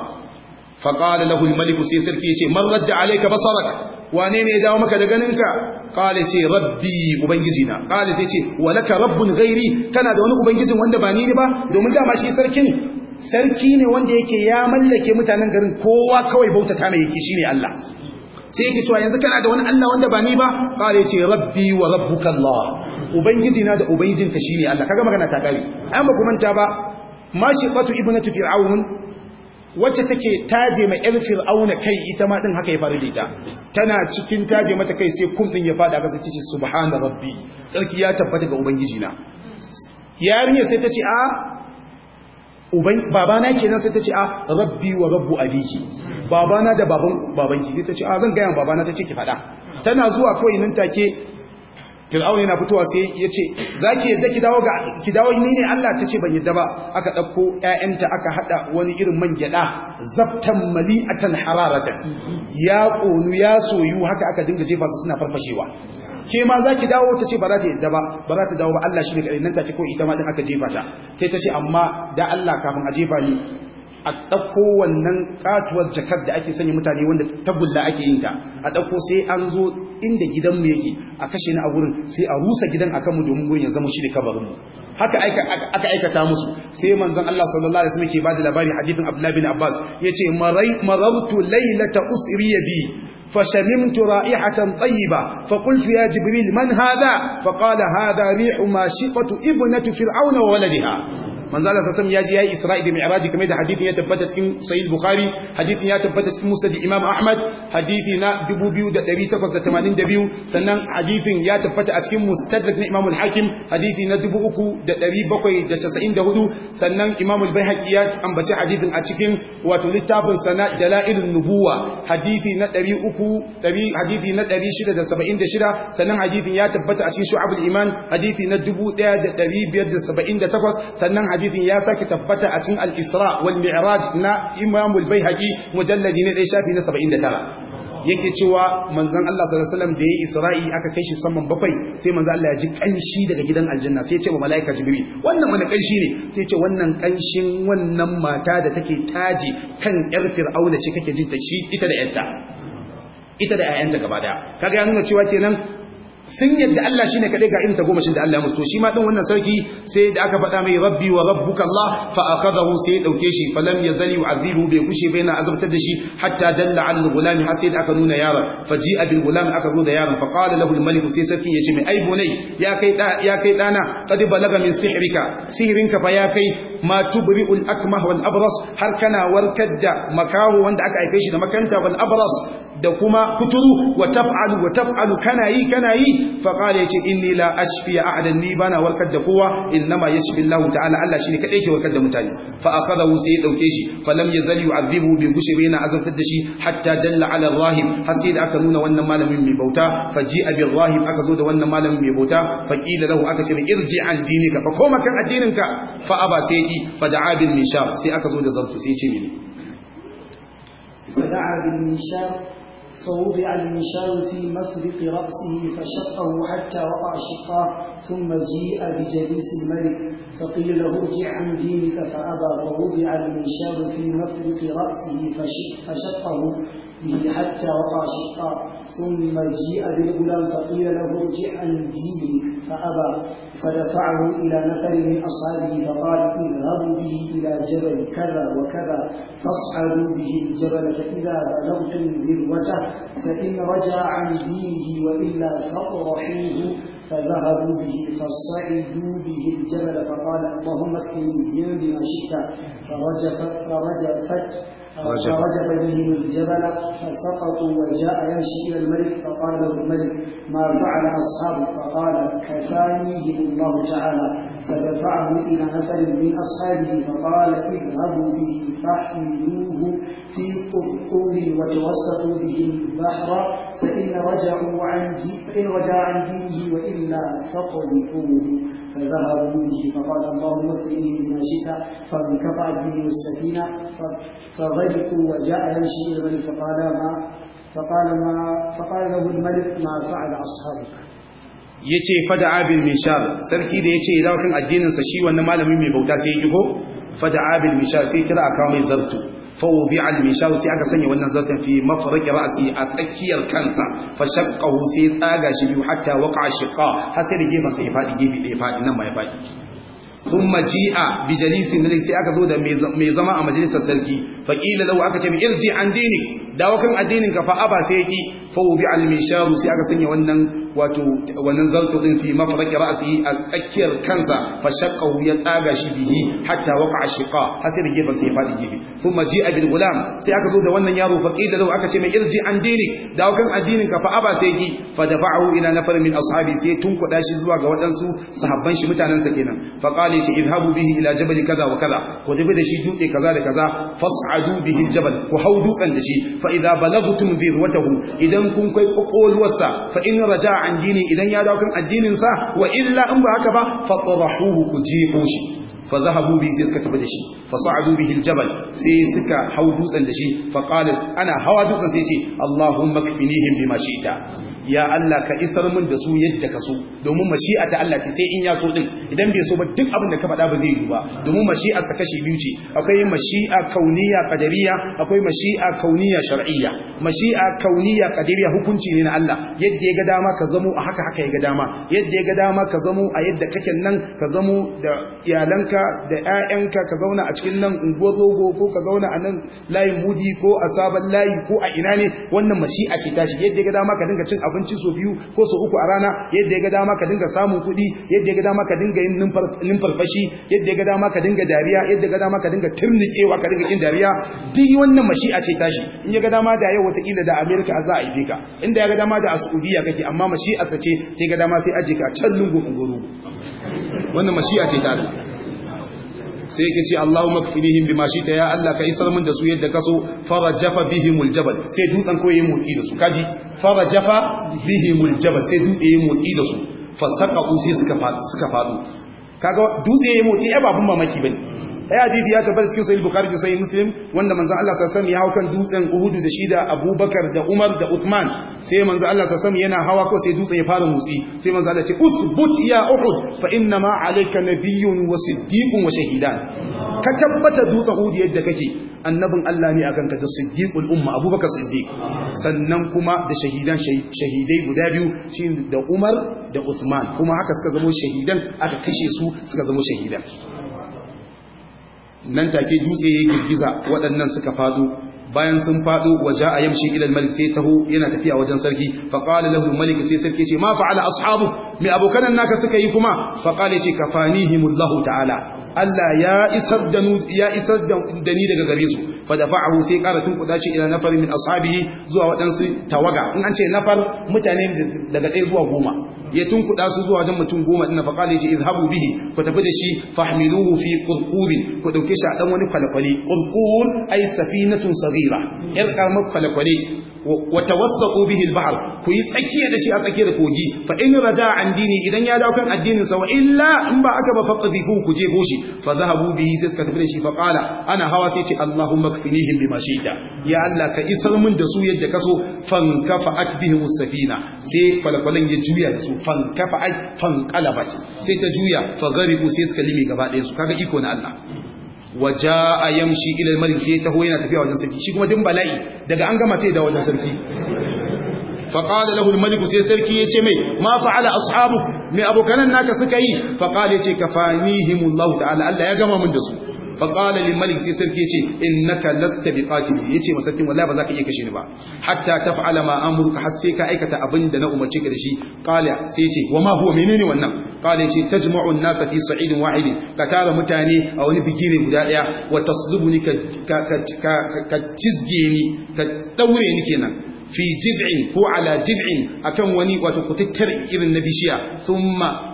fa lahu al-malik sai sarki marar da radda alayka Sarak, wane ne ya dawo maka da ganinka kala ce rabbi ubangiji na kala ce walaka rabbun gairi kana da wani ubangijin wanda ba ni ne ba domin dama shi sarkin sarki ne wanda yake ya mallake mutanen garin kowa kawai bautata mai yake shine Allah sai yake cewa yanzu kana da wani Allah wanda ba ni ba ya yace rabbi wa rabbuka Allah ubangiji na da ubangijinka shine Allah kaga magana ta kare an ba ta ba mashifatu ibnatu fir'aun wacce take taje mai yar fir'auna kai ita ma din haka ya faru da ita tana cikin taje mata kai sai kum din ya fada ga sarki ce subhana rabbi sarki ya tabbata ga ubangiji na yarinya sai ta ce a uban babana kenan sai ta ce a ah, rabbi wa rabbu abiki babana da baban babanki sai ta ce a ah, zan gaya babana ta ce ki faɗa tana zuwa kawai nan take fir'aun yana fitowa sai ya ce za ki yadda ki dawo ga ki dawo ni ne Allah ta ce ban yadda ba aka ɗauko ‘ya'yanta aka haɗa wani irin man gyaɗa zaftan mali'atan hararatan ya ƙonu ya soyu haka aka dinga jefa su suna farfashewa ke ma za ki dawo ta ce ba za ta yadda ba ba za ta dawo ba Allah shi ne kaɗai nan take ko ita ma ɗin aka jefa ta sai ta ce amma da Allah kafin a jefa ni a ɗauko wannan ƙatuwar jakar da ake sanya mutane wanda ta tagulla ake yin ta a ɗauko sai an zo inda gidanmu yake a kashe ni a wurin sai a rusa gidan a kanmu domin wurin ya zama shi kabarin kabarinmu haka aka aikata musu sai manzon Allah sallallahu alaihi wasallam ke ba da labari hadithin Abdullah bin Abbas yace marartu laylata usriya bi فشممت رائحة طيبة فقلت يا جبريل من هذا فقال هذا ريح ماشطة ابنة فرعون وولدها manzo sassan sallallahu alaihi ya ji yayi Isra'i da Mi'raj kamar da hadisin ya tabbata cikin Sahih bukari hadisin ya tabbata cikin Musnad Imam Ahmad hadithi na 2882 sannan hadisin ya tabbata a cikin Mustadrak na Imam Al-Hakim hadithi na 3794 sannan Imam Al-Baihaqi ya ambaci hadisin a cikin wato littafin sana Dalailun Nubuwa hadithi na 300 hadithi na 676 sannan hadisin ya tabbata a cikin Shu'abul Iman hadithi na 1578 sannan hadisin ya sake tabbata a cikin al-Isra wal Mi'raj na Imam al-Baihaqi mujalladi ne dai shafi na 79 yake cewa manzon Allah sallallahu alaihi wasallam da yayi Isra'i aka kai shi saman bakwai sai manzon Allah ya ji kanshi daga gidan aljanna sai ya ce wa malaika Jibril wannan wani kanshi ne sai ya ce wannan kanshin wannan mata da take taji kan yar Fir'auna ce kake jin ta shi ita da 'yanta, ita da 'ya'yanta gaba daya kaga ya nuna cewa kenan sun yadda Allah ne kaɗai, ga irin tagomashin da Allah ya musu shi ma din wannan sarki sai da aka faɗa mai rabbi wa rabbuka Allah fa akhadahu sai ya dauke shi falam yazali yu'adhibu bai kushe bai na azabtar da shi hatta dalla al gulami har sai da aka nuna yaron faji'a bil gulam aka zo da yaron fa qala lahu sai sarki ya ce mai ai bunai ya kai ɗana, kadi balaga min sihrika sihrinka fa ya kai ma tubri'ul akmah wal abras har kana warkar da makaho wanda aka haife shi da makanta wal abras da kuma kuturu wa taf'alu wa taf'alu kana yi kana yi fa qala yace inni la ashfi ahadan ni bana warkar da kowa innama yashfi Allah ta'ala Allah shine kadai yake warkar da mutane fa akhadahu sai ya dauke shi fa lam yazal yu'adhibu bi gushi baina azabtar da shi hatta dalla ala rahib har sai da aka nuna wannan malamin mai bauta fa ji'a bi aka zo da wannan malamin mai bauta fa qila lahu aka ce irji an dinika fa koma kan addininka fa aba sai ki fa da'a bil mishab sai aka zo da zabtu sai ce mene فدعا بالمنشار فوضع المنشار في مفرق رأسه فشقه حتى وقع شقاه ثم جيء بجليس الملك فقيل له ارجع عن دينك فأبى فوضع المنشار في مفرق رأسه فشقه به حتى وقع شقاه ثم جيء بالغلام فقيل له ارجع عن دينك فأبى فدفعه إلى نفر من أصحابه فقال اذهبوا به إلى جبل كذا وكذا فاصعدوا به الجبل فإذا بلغتم ذروته فإن رجع عن دينه وإلا فاطرحوه فذهبوا به فصعدوا به الجبل فقال اللهم اكفني بما شئت فرجفت فرجفت فرجف بهم الجبل فسقطوا وجاء يمشي إلى الملك فقال له الملك ما فعل أصحابك فقال كفانيهم الله تعالى فدفعه إلى نفر من أصحابه فقال اذهبوا به فاحملوه في قرطوم وتوسطوا به البحر فإن رجعوا عن فإن رجع عن دينه وإلا فقذفوه فذهبوا به فقال اللهم اكفنيه بما شئت فانقطعت به السفينة فغرقوا وجاء يمشي إلى الملك فقال ما فقال ما فقال له الملك ما فعل أصحابك yace fada'a bil mishal sarki da yace ya dawo kan addinin sa shi wannan malamin mai bauta sai ya jigo fada'a bil mishal sai kira aka mai zartu fa wudi'a al mishal sai aka sanya wannan zartan fi mafraq ra'si a tsakiyar kansa fa shaqqahu sai tsaga shi biyu hatta waqa shiqa har sai da gefen ya fadi gefe da ya fadi nan ma ya fadi thumma ji'a bi jalisi sai aka zo da mai zama a majalisar sarki fa lau aka ce mi irji an dini dawo kan addinin ka ba aba sai fawdi al-misharu sai aka sanya wannan wato wannan zarto din fi mafarqi ra'si a tsakiyar kansa fa shaqqahu ya tsaga shi bihi hatta waqa shiqa hasir gefen sai ya fadi gefe thumma ji'a bil gulam sai aka zo da wannan yaro faqila lahu aka ce mai irji an dini dawo kan addinin ka fa aba sai ki fa dafa'ahu ila nafar min ashabi sai tunkuda shi zuwa ga wadansu sahabban shi mutanen sa kenan fa qala ce idhabu bihi ila jabal kaza wa kaza ku tafi da shi dutse kaza da kaza fas'adu bihi jabal ku hau dutsen da shi fa idza balagtum dhirwatahu idan idan kun kai kokolwarsa fa in raja an dini idan ya dawo kan addinin sa wa illa in ba haka ba fa tarahuhu kujihu shi fa zahabu bi sai suka tafi da shi fa sa'adu bihi aljabal sai suka hau dutsen da shi fa qala ana hawa dutsen sai ce allahumma kfinihim bima shi'ta ya Allah ka isar min da su yadda ka so domin mashi'a ta Allah sai in ya so din idan bai so ba duk abin da ka faɗa ba zai yi ba domin mashi'a ta kashi biyu ce akwai mashi'a kauniya qadariya akwai mashi'a kauniya shar'iyya mashi'a kauniya qadariya hukunci ne na Allah yadda ya ga dama ka zamo a haka haka ya ga dama yadda ya ga dama ka zamo a yadda kake nan ka zamo da iyalanka da ƴaƴanka ka zauna a cikin nan unguwar rogo ko ka zauna a nan layin mudi ko a sabon layi ko a ina ne wannan mashi'a ce tashi yadda ya ga dama ka dinga cin abinci so biyu ko so uku a rana yadda ya ga dama ka dinga samun kuɗi yadda ya ga dama ka dinga yin numfarfashi yadda ya ga dama ka dinga dariya yadda ya ga dama ka dinga turnikewa ka dinga kin dariya duk wannan a ce tashi in ya ga dama da yau watakila da america za a yi bika inda ya ga dama da a saudiya kake amma mashi a sace sai ga dama sai aje ka can lungu unguru wannan a ce ta sai ka ce Allahumma bi mashi ta ya Allah ka isar min da su yadda ka fara jafa bihimul jabal sai dutsen koyi motsi da su kaji fara jafa bihi muljaba sai dutse ya motsi da su fasaqu sai suka fadu suka fadu kaga dutse ya motsi ai babun mamaki bane ai hadisi ya tabbata cikin sahih bukhari da sahih muslim wanda manzon Allah sallallahu alaihi wasallam ya hawo kan dutsen Uhudu da shida, Abubakar da Umar da Uthman sai manzon Allah sallallahu alaihi wasallam yana hawa ko sai dutsen ya fara motsi sai manzon Allah ya ce usbut ya Uhud fa inna ma alayka nabiyyun wa siddiqun wa shahidan ka tabbata dutsen Uhudu yadda kake annabin Allah ne akan ka da siddiqul umma abubakar siddiq sannan kuma da shahidan shahidai guda biyu shi da umar da uthman kuma haka suka zama shahidan aka kashe su suka zama shahidan nan take dutse ya girgiza waɗannan suka fado bayan sun fado waje a yamshi ilal malik sai taho yana tafiya wajen sarki faƙali lahu malik sai sarki ce ma fa'ala ashabu mai abokan naka suka yi kuma faƙali ce kafanihimullahu ta'ala Allah ya isar da ni daga gare su fa dafa'ahu sai qaratun kudashi ila nafar min ashabihi zuwa waɗansu tawaga in an ce nafar mutane daga ɗaya zuwa goma ya tunkuda su zuwa wajen mutum goma din fa qala izhabu bihi ku tafi da shi fahmiluhu fi ƙurƙuri ku dauke shi a dan wani kwalkwale qurqur ay safinatun saghira yar karamar kwalkwale Wata tawassatu bihi al-bahr ku yi tsakiya da shi a tsakiyar kogi fa in raja an dini idan ya dawo kan addinin sa wa illa in ba aka ba faqdihu ku je goshi fa zahabu bihi sai suka tafi da shi fa qala ana hawa sai ce allahumma kfinihim bima shi'ta ya allah ka isar min da su yadda ka so fankafa'at bihim as sai kwalkwalan ya juya da su fankafa'at fanqalabat sai ta juya fa ku sai suka limi gaba ɗaya su kaga iko na allah waja a yamshi ilal malik sai taho yana tafiya wajen sarki shi kuma din bala'i daga an gama sai da wajen sarki faƙada lahul maliku sai sarki ya ce mai ma fa'ala ashabu mai abokanan naka suka yi faƙada ya ce ka fahimihimullahu ta'ala Allah ya gama min da su fa qala sai malik sai sarki yace innaka lasta bi qatil yace masa sarki ba za ka iya kashe ni ba hatta taf'ala ma amruka har sai ka aikata abin da na umarci ka da shi qala sai ce wa ma huwa menene wannan qala ce tajma'u nasa fi sa'idin wahid ka tara mutane a wani bigire guda daya wa taslubuni ka ka cizge ni ka ɗaure ni kenan fi jib'in ko ala jib'in akan wani wato kutittar irin na bishiya thumma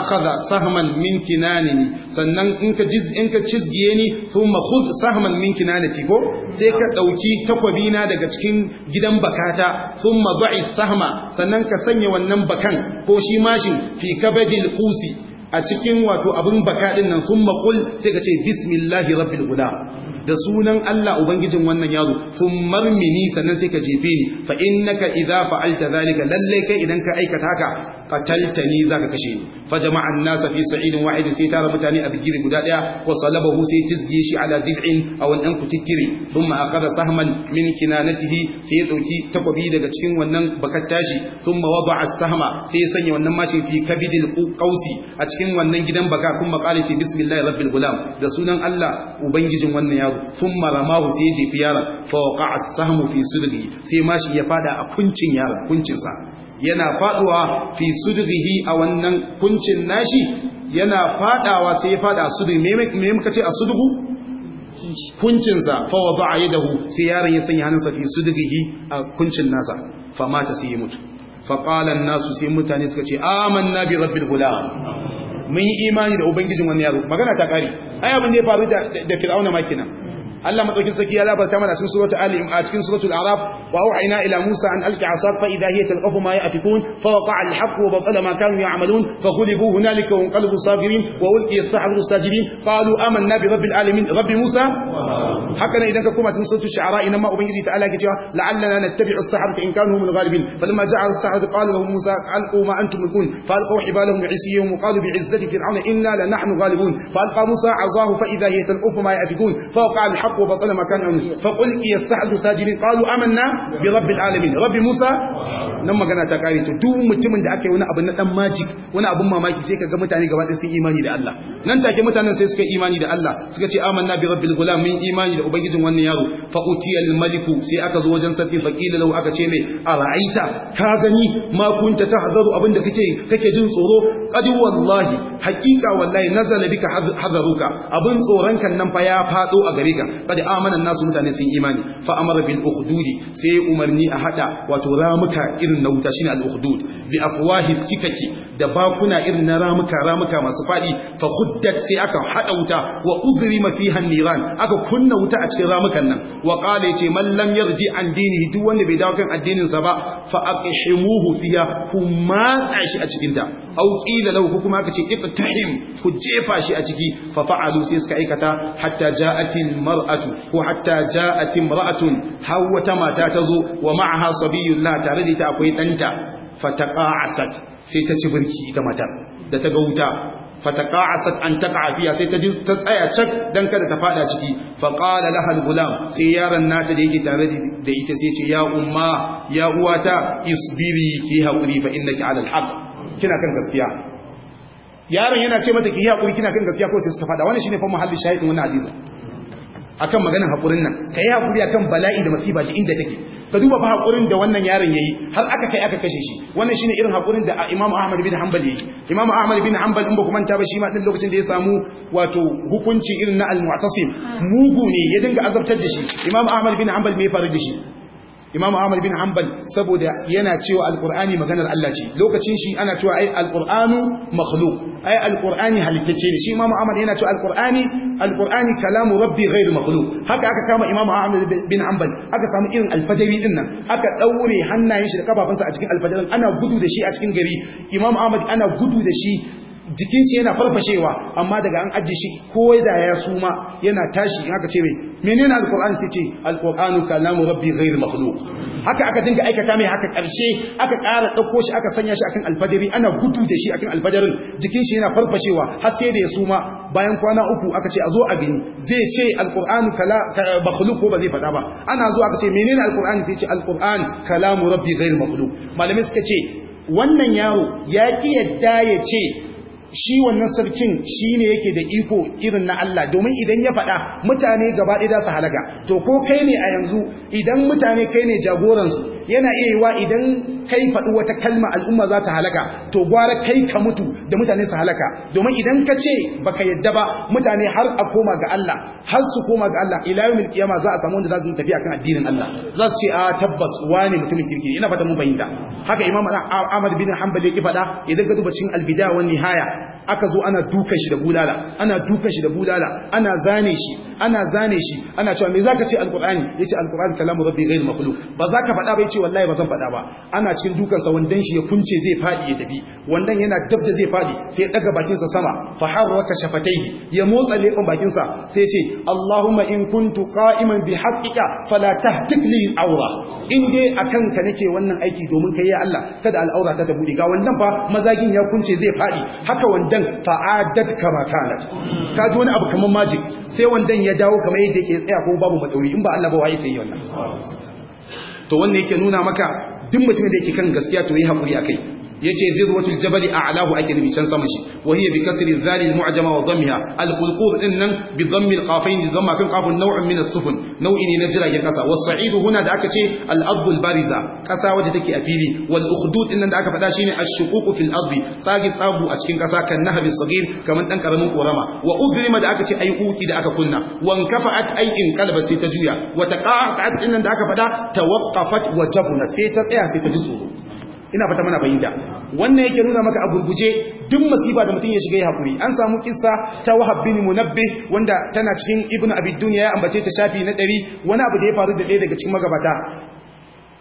akhadha sahman min kinanini sannan in ka jiz in ka cizgiye ni thumma khudh sahman min kinanati ko sai ka dauki takwabi na daga cikin gidan bakata thumma da'i sahma sannan ka sanya wannan bakan ko shi mashin fi kabadil qusi a cikin wato abun baka nan thumma qul sai ka ce bismillahi rabbil guda. da sunan Allah ubangijin wannan yaro sun marmini sannan sai ka jefe ni fa innaka idza fa'alta zalika lalle kai idan ka aikata haka qataltani zaka kashe ni fa jama'a an-nasa fi sa'idin wahid sai tara mutane a bigiri guda daya wa salabahu sai tizgiye shi ala zid'in aw an an kutikkiri thumma akhadha sahman min kinanatihi sai ya dauki takobi daga cikin wannan bakar tashi thumma wada'a as-sahma sai ya sanya wannan mashin fi kabidil qausi a cikin wannan gidan baka kuma qala ce bismillahir rabbil gulam da sunan Allah ubangijin wannan yaro thumma ramahu sai jefi yaron fawaka a as fi sudrihi sai mashi ya fada a kuncin yaron kuncinsa yana faduwa fi sudrihi a wannan kuncin nashi yana fadawa sai ya fada a sudri me muka ce a sudugu kuncinsa a yi yadahu sai yaron ya sanya hannunsa fi sudrihi a kuncin nasa fa mata sai ya mutu fa nasu sai mutane suka ce amanna bi rabbil gulam mun yi imani da ubangijin wannan yaro magana ta ƙari ai abin da ya faru da fir'auna makina Allah madaukin saki ya labarta mana cikin suratul ali a cikin suratul araf wa auhayna ila musa an alqi asar fa idha hiya talqafu ma yafikun fa waqa'a alhaq wa batala ma kanu ya'malun fa ghulibu hunalika wa qalbu safirin wa ulqiya as-sahratu sajidin qalu amanna bi rabbil alamin rabbi musa haka ne idan ka koma cikin suratul shu'ara idan ma ubangiji ta'ala ke cewa la'allana nattabi'u as-sahratu in kanu min al-ghalibin lamma ja'a as-sahratu qala lahum musa alqu ma antum mulkun fa alqaw hibalahum wa'isiyahum wa qalu bi'izzati fir'auna inna la nahnu ghalibun fa alqa musa 'azahu fa idha hiya talqafu ma yafikun fa waqa'a alhaq الحق وبطل ما كان فقل يستحد ساجدين قالوا آمنا برب العالمين رب موسى nan magana ta kare to duk mutumin da aka yi wani abu na dan magic wani abun mamaki sai kaga mutane gaba ɗaya sun imani da Allah nan take mutanen sai suka imani da Allah suka ce amanna bi rabbil gulam min imani da ubangijin wannan yaro fa utiyal maliku sai aka zo wajen sarki faqila lahu aka ce mai ara'aita ka gani ma kunta tahzaru abin da kake kake jin tsoro qad wallahi haqiqa wallahi nazala bika hadaruka. abin tsoron kan nan fa ya fado a gare ka qad amana nasu mutane sun imani fa amara bil ukhdudi sai umarni a hada wato ramuka irin na wuta shine al ukhdud bi afwahi sikaki da bakuna irin na ramuka ramuka masu fadi fa khuddat sai aka hada wuta wa ugrima fiha niran aka kunna wuta a cikin ramukan nan wa qala yace man lam yarji an dinihi duk wanda bai dawo kan addinin sa ba fa aqhimuhu fiha kuma tsashi a cikin ta au qila lahu kuma aka ce ku jefa shi a ciki fa fa'alu sai suka aikata hatta ja'atil mar'a ko hatta ja'at imra'atun har wata mata ta zo wa ma'aha sabiyyun la tare da ita akwai danta fataqa'asat sai ta ci birki ita matar da ta ga wuta fataqa'asat an taqa'a fiya sai ta ta tsaya cak dan kada ta fada ciki fa qala laha al-gulam sai yaron nata da yake tare da ita sai ce ya umma ya uwata isbiri ki haƙuri fa innaki 'ala al-haq kina kan gaskiya yaron yana ce mata ki haƙuri kina kan gaskiya ko sai ta fada wannan shine fa muhalli shahidin wannan hadisin akan maganar haƙurin nan ka yi hakuri akan bala'i da masifa da inda take ka duba fa hakurin da wannan yaron yayi har aka kai aka kashe shi wannan shine irin hakurin da Imam Ahmad bin Hanbal yayi Imam Ahmad bin Hanbal in ba ku manta ba shi ma din lokacin da ya samu wato hukunci irin na al-Mu'tasim mugu ne ya dinga azabtar da shi Imam Ahmad bin Hanbal me faru da shi imamu ahmad bin hanbal saboda yana cewa alkurani maganar Allah ce lokacin shi ana cewa ai alqur'anu makhluq ai alqur'ani halittace ne shi imamu ahmad yana cewa alqur'ani alqur'ani kalamu rabbi ghairu makhluq haka aka kama imamu ahmad bin hanbal aka samu irin alfadari din nan aka daure hannayen shi da kafafunsa a cikin alfajarin ana gudu da shi a cikin gari imamu ahmad ana gudu da shi jikin shi yana farfashewa amma daga an ajiye shi ko da ya suma yana tashi in aka ce mai menene alqur'ani sai ce alqur'anu kalamu rabbi ghairu makhluq haka aka dinga aikata mai haka karshe aka ƙara dauko shi aka sanya shi akan alfajiri ana gudu da shi akan alfajirin jikin shi yana farfashewa har sai da ya suma bayan kwana uku aka ce a zo a gani zai ce alqur'anu kala makhluq ko ba zai fada ba ana zo aka ce menene alqur'ani sai ce alqur'an kalamu rabbi ghairu makhluq malamai suka ce wannan yaro ya ki yadda ya ce shi wannan sarkin shi ne yake da iko irin na Allah domin idan ya faɗa mutane gaba ɗaya su halaga to ko kai ne a yanzu idan mutane kai ne jagoransu yana iya yiwa idan kai faɗi wata kalma al'umma za ta halaka to gwara kai ka mutu da mutane su halaka domin idan ka ce baka yadda ba mutane har a koma ga Allah har su koma ga Allah ila yawmil qiyama za a samu wanda za su tafi akan addinin Allah za su ce a tabbas wani mutumin kirki ina fata mun bayyana haka imam Ahmad bin Hanbali yake faɗa idan ka duba cikin al wani haya aka zo ana dukan shi da bulala ana dukan shi da bulala ana zane shi ana zane shi ana cewa me zaka ce alqur'ani yace alqur'ani kalamu rabbi ghayr makhluq ba zaka faɗa ba yace wallahi ba zan faɗa ba ana cikin dukan sa wandan shi ya kunce zai fadi ya tafi wandan yana dab da zai fadi sai daga bakin sa sama fa harraka shafatayhi ya motsa leban bakin sa sai yace allahumma in kuntu qa'iman bi haqqika fala tahtik li awra in dai akan ka nake wannan aiki domin kai ya Allah kada al'aura ta ta ga wannan fa mazagin ya kunce zai fadi haka wandan fa'adat kama kanat ji wani abu kaman magic sai wandan ya dawo kamar yadda yake tsaya ko babu matsauri in ba Allah ba waye sai yi wannan to wannan yake nuna maka duk mutumin da yake kan gaskiya to yi hakuri akai yace dirwatul jabali a'lahu ake nufi can saman shi wa hiya bi kasri dhali al-mu'jama wa dhammiha al-qulqub din nan bi dhammi al dhamma kan qafun naw'un min as-sufun nau'i ne na jiragen kasa was sa'idu huna da aka ce al-ardh al-bariza kasa waje take a fili wal ukhdud din nan da aka faɗa shine ash-shuquq fil ardi tsagi a cikin kasa kan nahabi sagir kaman dan karamin korama wa ugrima da aka ce ai uki da aka kunna wan kafa'at ai in kalba sai ta juya wa taqa'at din da aka fada tawaqqafat wa jabuna sai ta tsaya sai ta ji tsoro ina fata mana fahimta wannan yake nuna maka a duk masifa da mutum ya shiga ya hakuri an samu kissa ta Wahab bin Munabbih wanda tana cikin Ibn Abi Dunya ya ambace ta shafi na dari wani abu da ya faru da ɗaya daga cikin magabata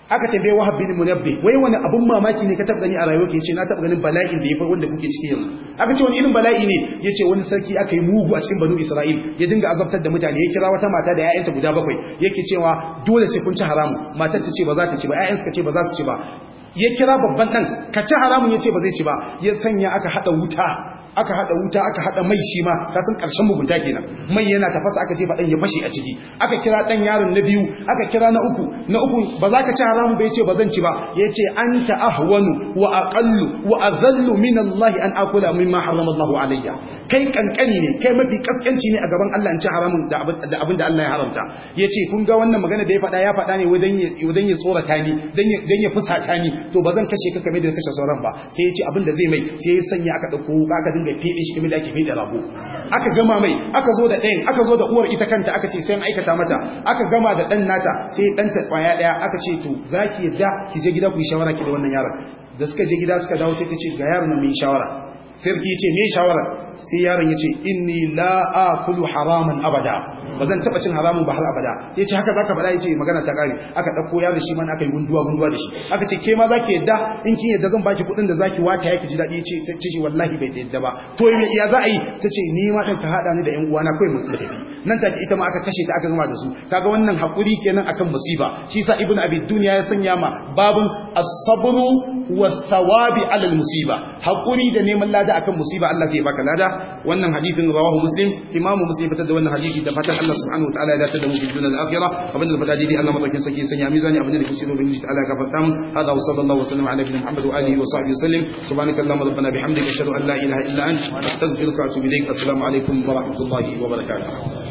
aka tambaye Wahab bin Munabbi wai wani abun mamaki ne ka taba gani a rayuwa ke yace na taba ganin bala'in da yafi wanda kuke cikin yanzu aka ce wani irin bala'i ne yace wani sarki aka yi mugu a cikin Banu Isra'il ya dinga azabtar da mutane ya kira wata mata da ƴaƴanta guda bakwai yake cewa dole sai kun ci haramu matar ta ce ba za ta ci ba ce ba za su ci ba ya kira babban ɗan ka ci haramun ya ce ba zai ci ba ya sanya aka haɗa wuta aka haɗa wuta aka haɗa mai shi ma ta san ƙarshen mugunta kenan mai yana tafasa aka ce ɗan ya fashe a ciki aka kira ɗan yaron na biyu aka kira na uku na uku ba za ka ci haramun ba ya ce ba zan ci ba ya ce an ahwanu wa wa azallu min Allah an akula mimma harrama Allah alayya kai kankani ne kai mafi kaskanci ne a gaban Allah in ci haramun da abin da Allah ya haramta yace kun ga wannan magana da ya faɗa ya faɗa ne wajen ya tsorata ni dan ya fusata ni to ba zan kashe ka kamar da kashe sauran ba sai yace abin da zai mai sai ya sanya aka dauko ba aka dinga fede shi kamar da ake fede rago aka gama mai aka zo da ɗayan aka zo da uwar ita kanta aka ce sai an aikata mata aka gama da ɗan nata sai ɗan ta kwaya ɗaya aka ce to zaki yadda ki je gida ku yi shawara ki da wannan yaron da suka je gida suka dawo sai ta ce ga yaron nan mai shawara sarki ki ce mai shawara sai yaron ya ce inni la'a Kulu haramun abada ba zan taba cin haramun ba har abada ya ce haka za ka faɗa ya ce magana ta ƙare aka ɗauko yaron shi mana aka yi gunduwa gunduwa da shi aka ce ke ma za ki yadda in ki yadda zan baki kuɗin da za ki wata ya yaki ji daɗi ya ce ta wallahi bai yadda ba to ya za a yi ta ce ni ma ɗan ka haɗa ni da 'yan uwana kawai mu tafi nan ta ita ma aka kashe ta aka gama da su ga wannan haƙuri kenan akan musiba shi sa ibnu abi duniya ya sanya ma babun as-sabru was-thawabi 'ala musiba Haƙuri da neman lada akan musiba Allah zai baka lada ibada wannan hadisin rawahu muslim imamu muslim fitar da wannan hadisi da fatan Allah subhanahu wataala ya dace da mu fi dunyal akhirah abin da fada dai Allah madaukin saki sanya mizani abin da kusi ubangiji ta'ala ya gafarta mu hada wa sallallahu wa sallama ala nabiyina muhammad wa alihi wa sahbihi sallim subhanaka allahumma rabbana bihamdika ashhadu an la ilaha illa anta astaghfiruka wa atubu ilaik assalamu alaikum wa rahmatullahi wa barakatuh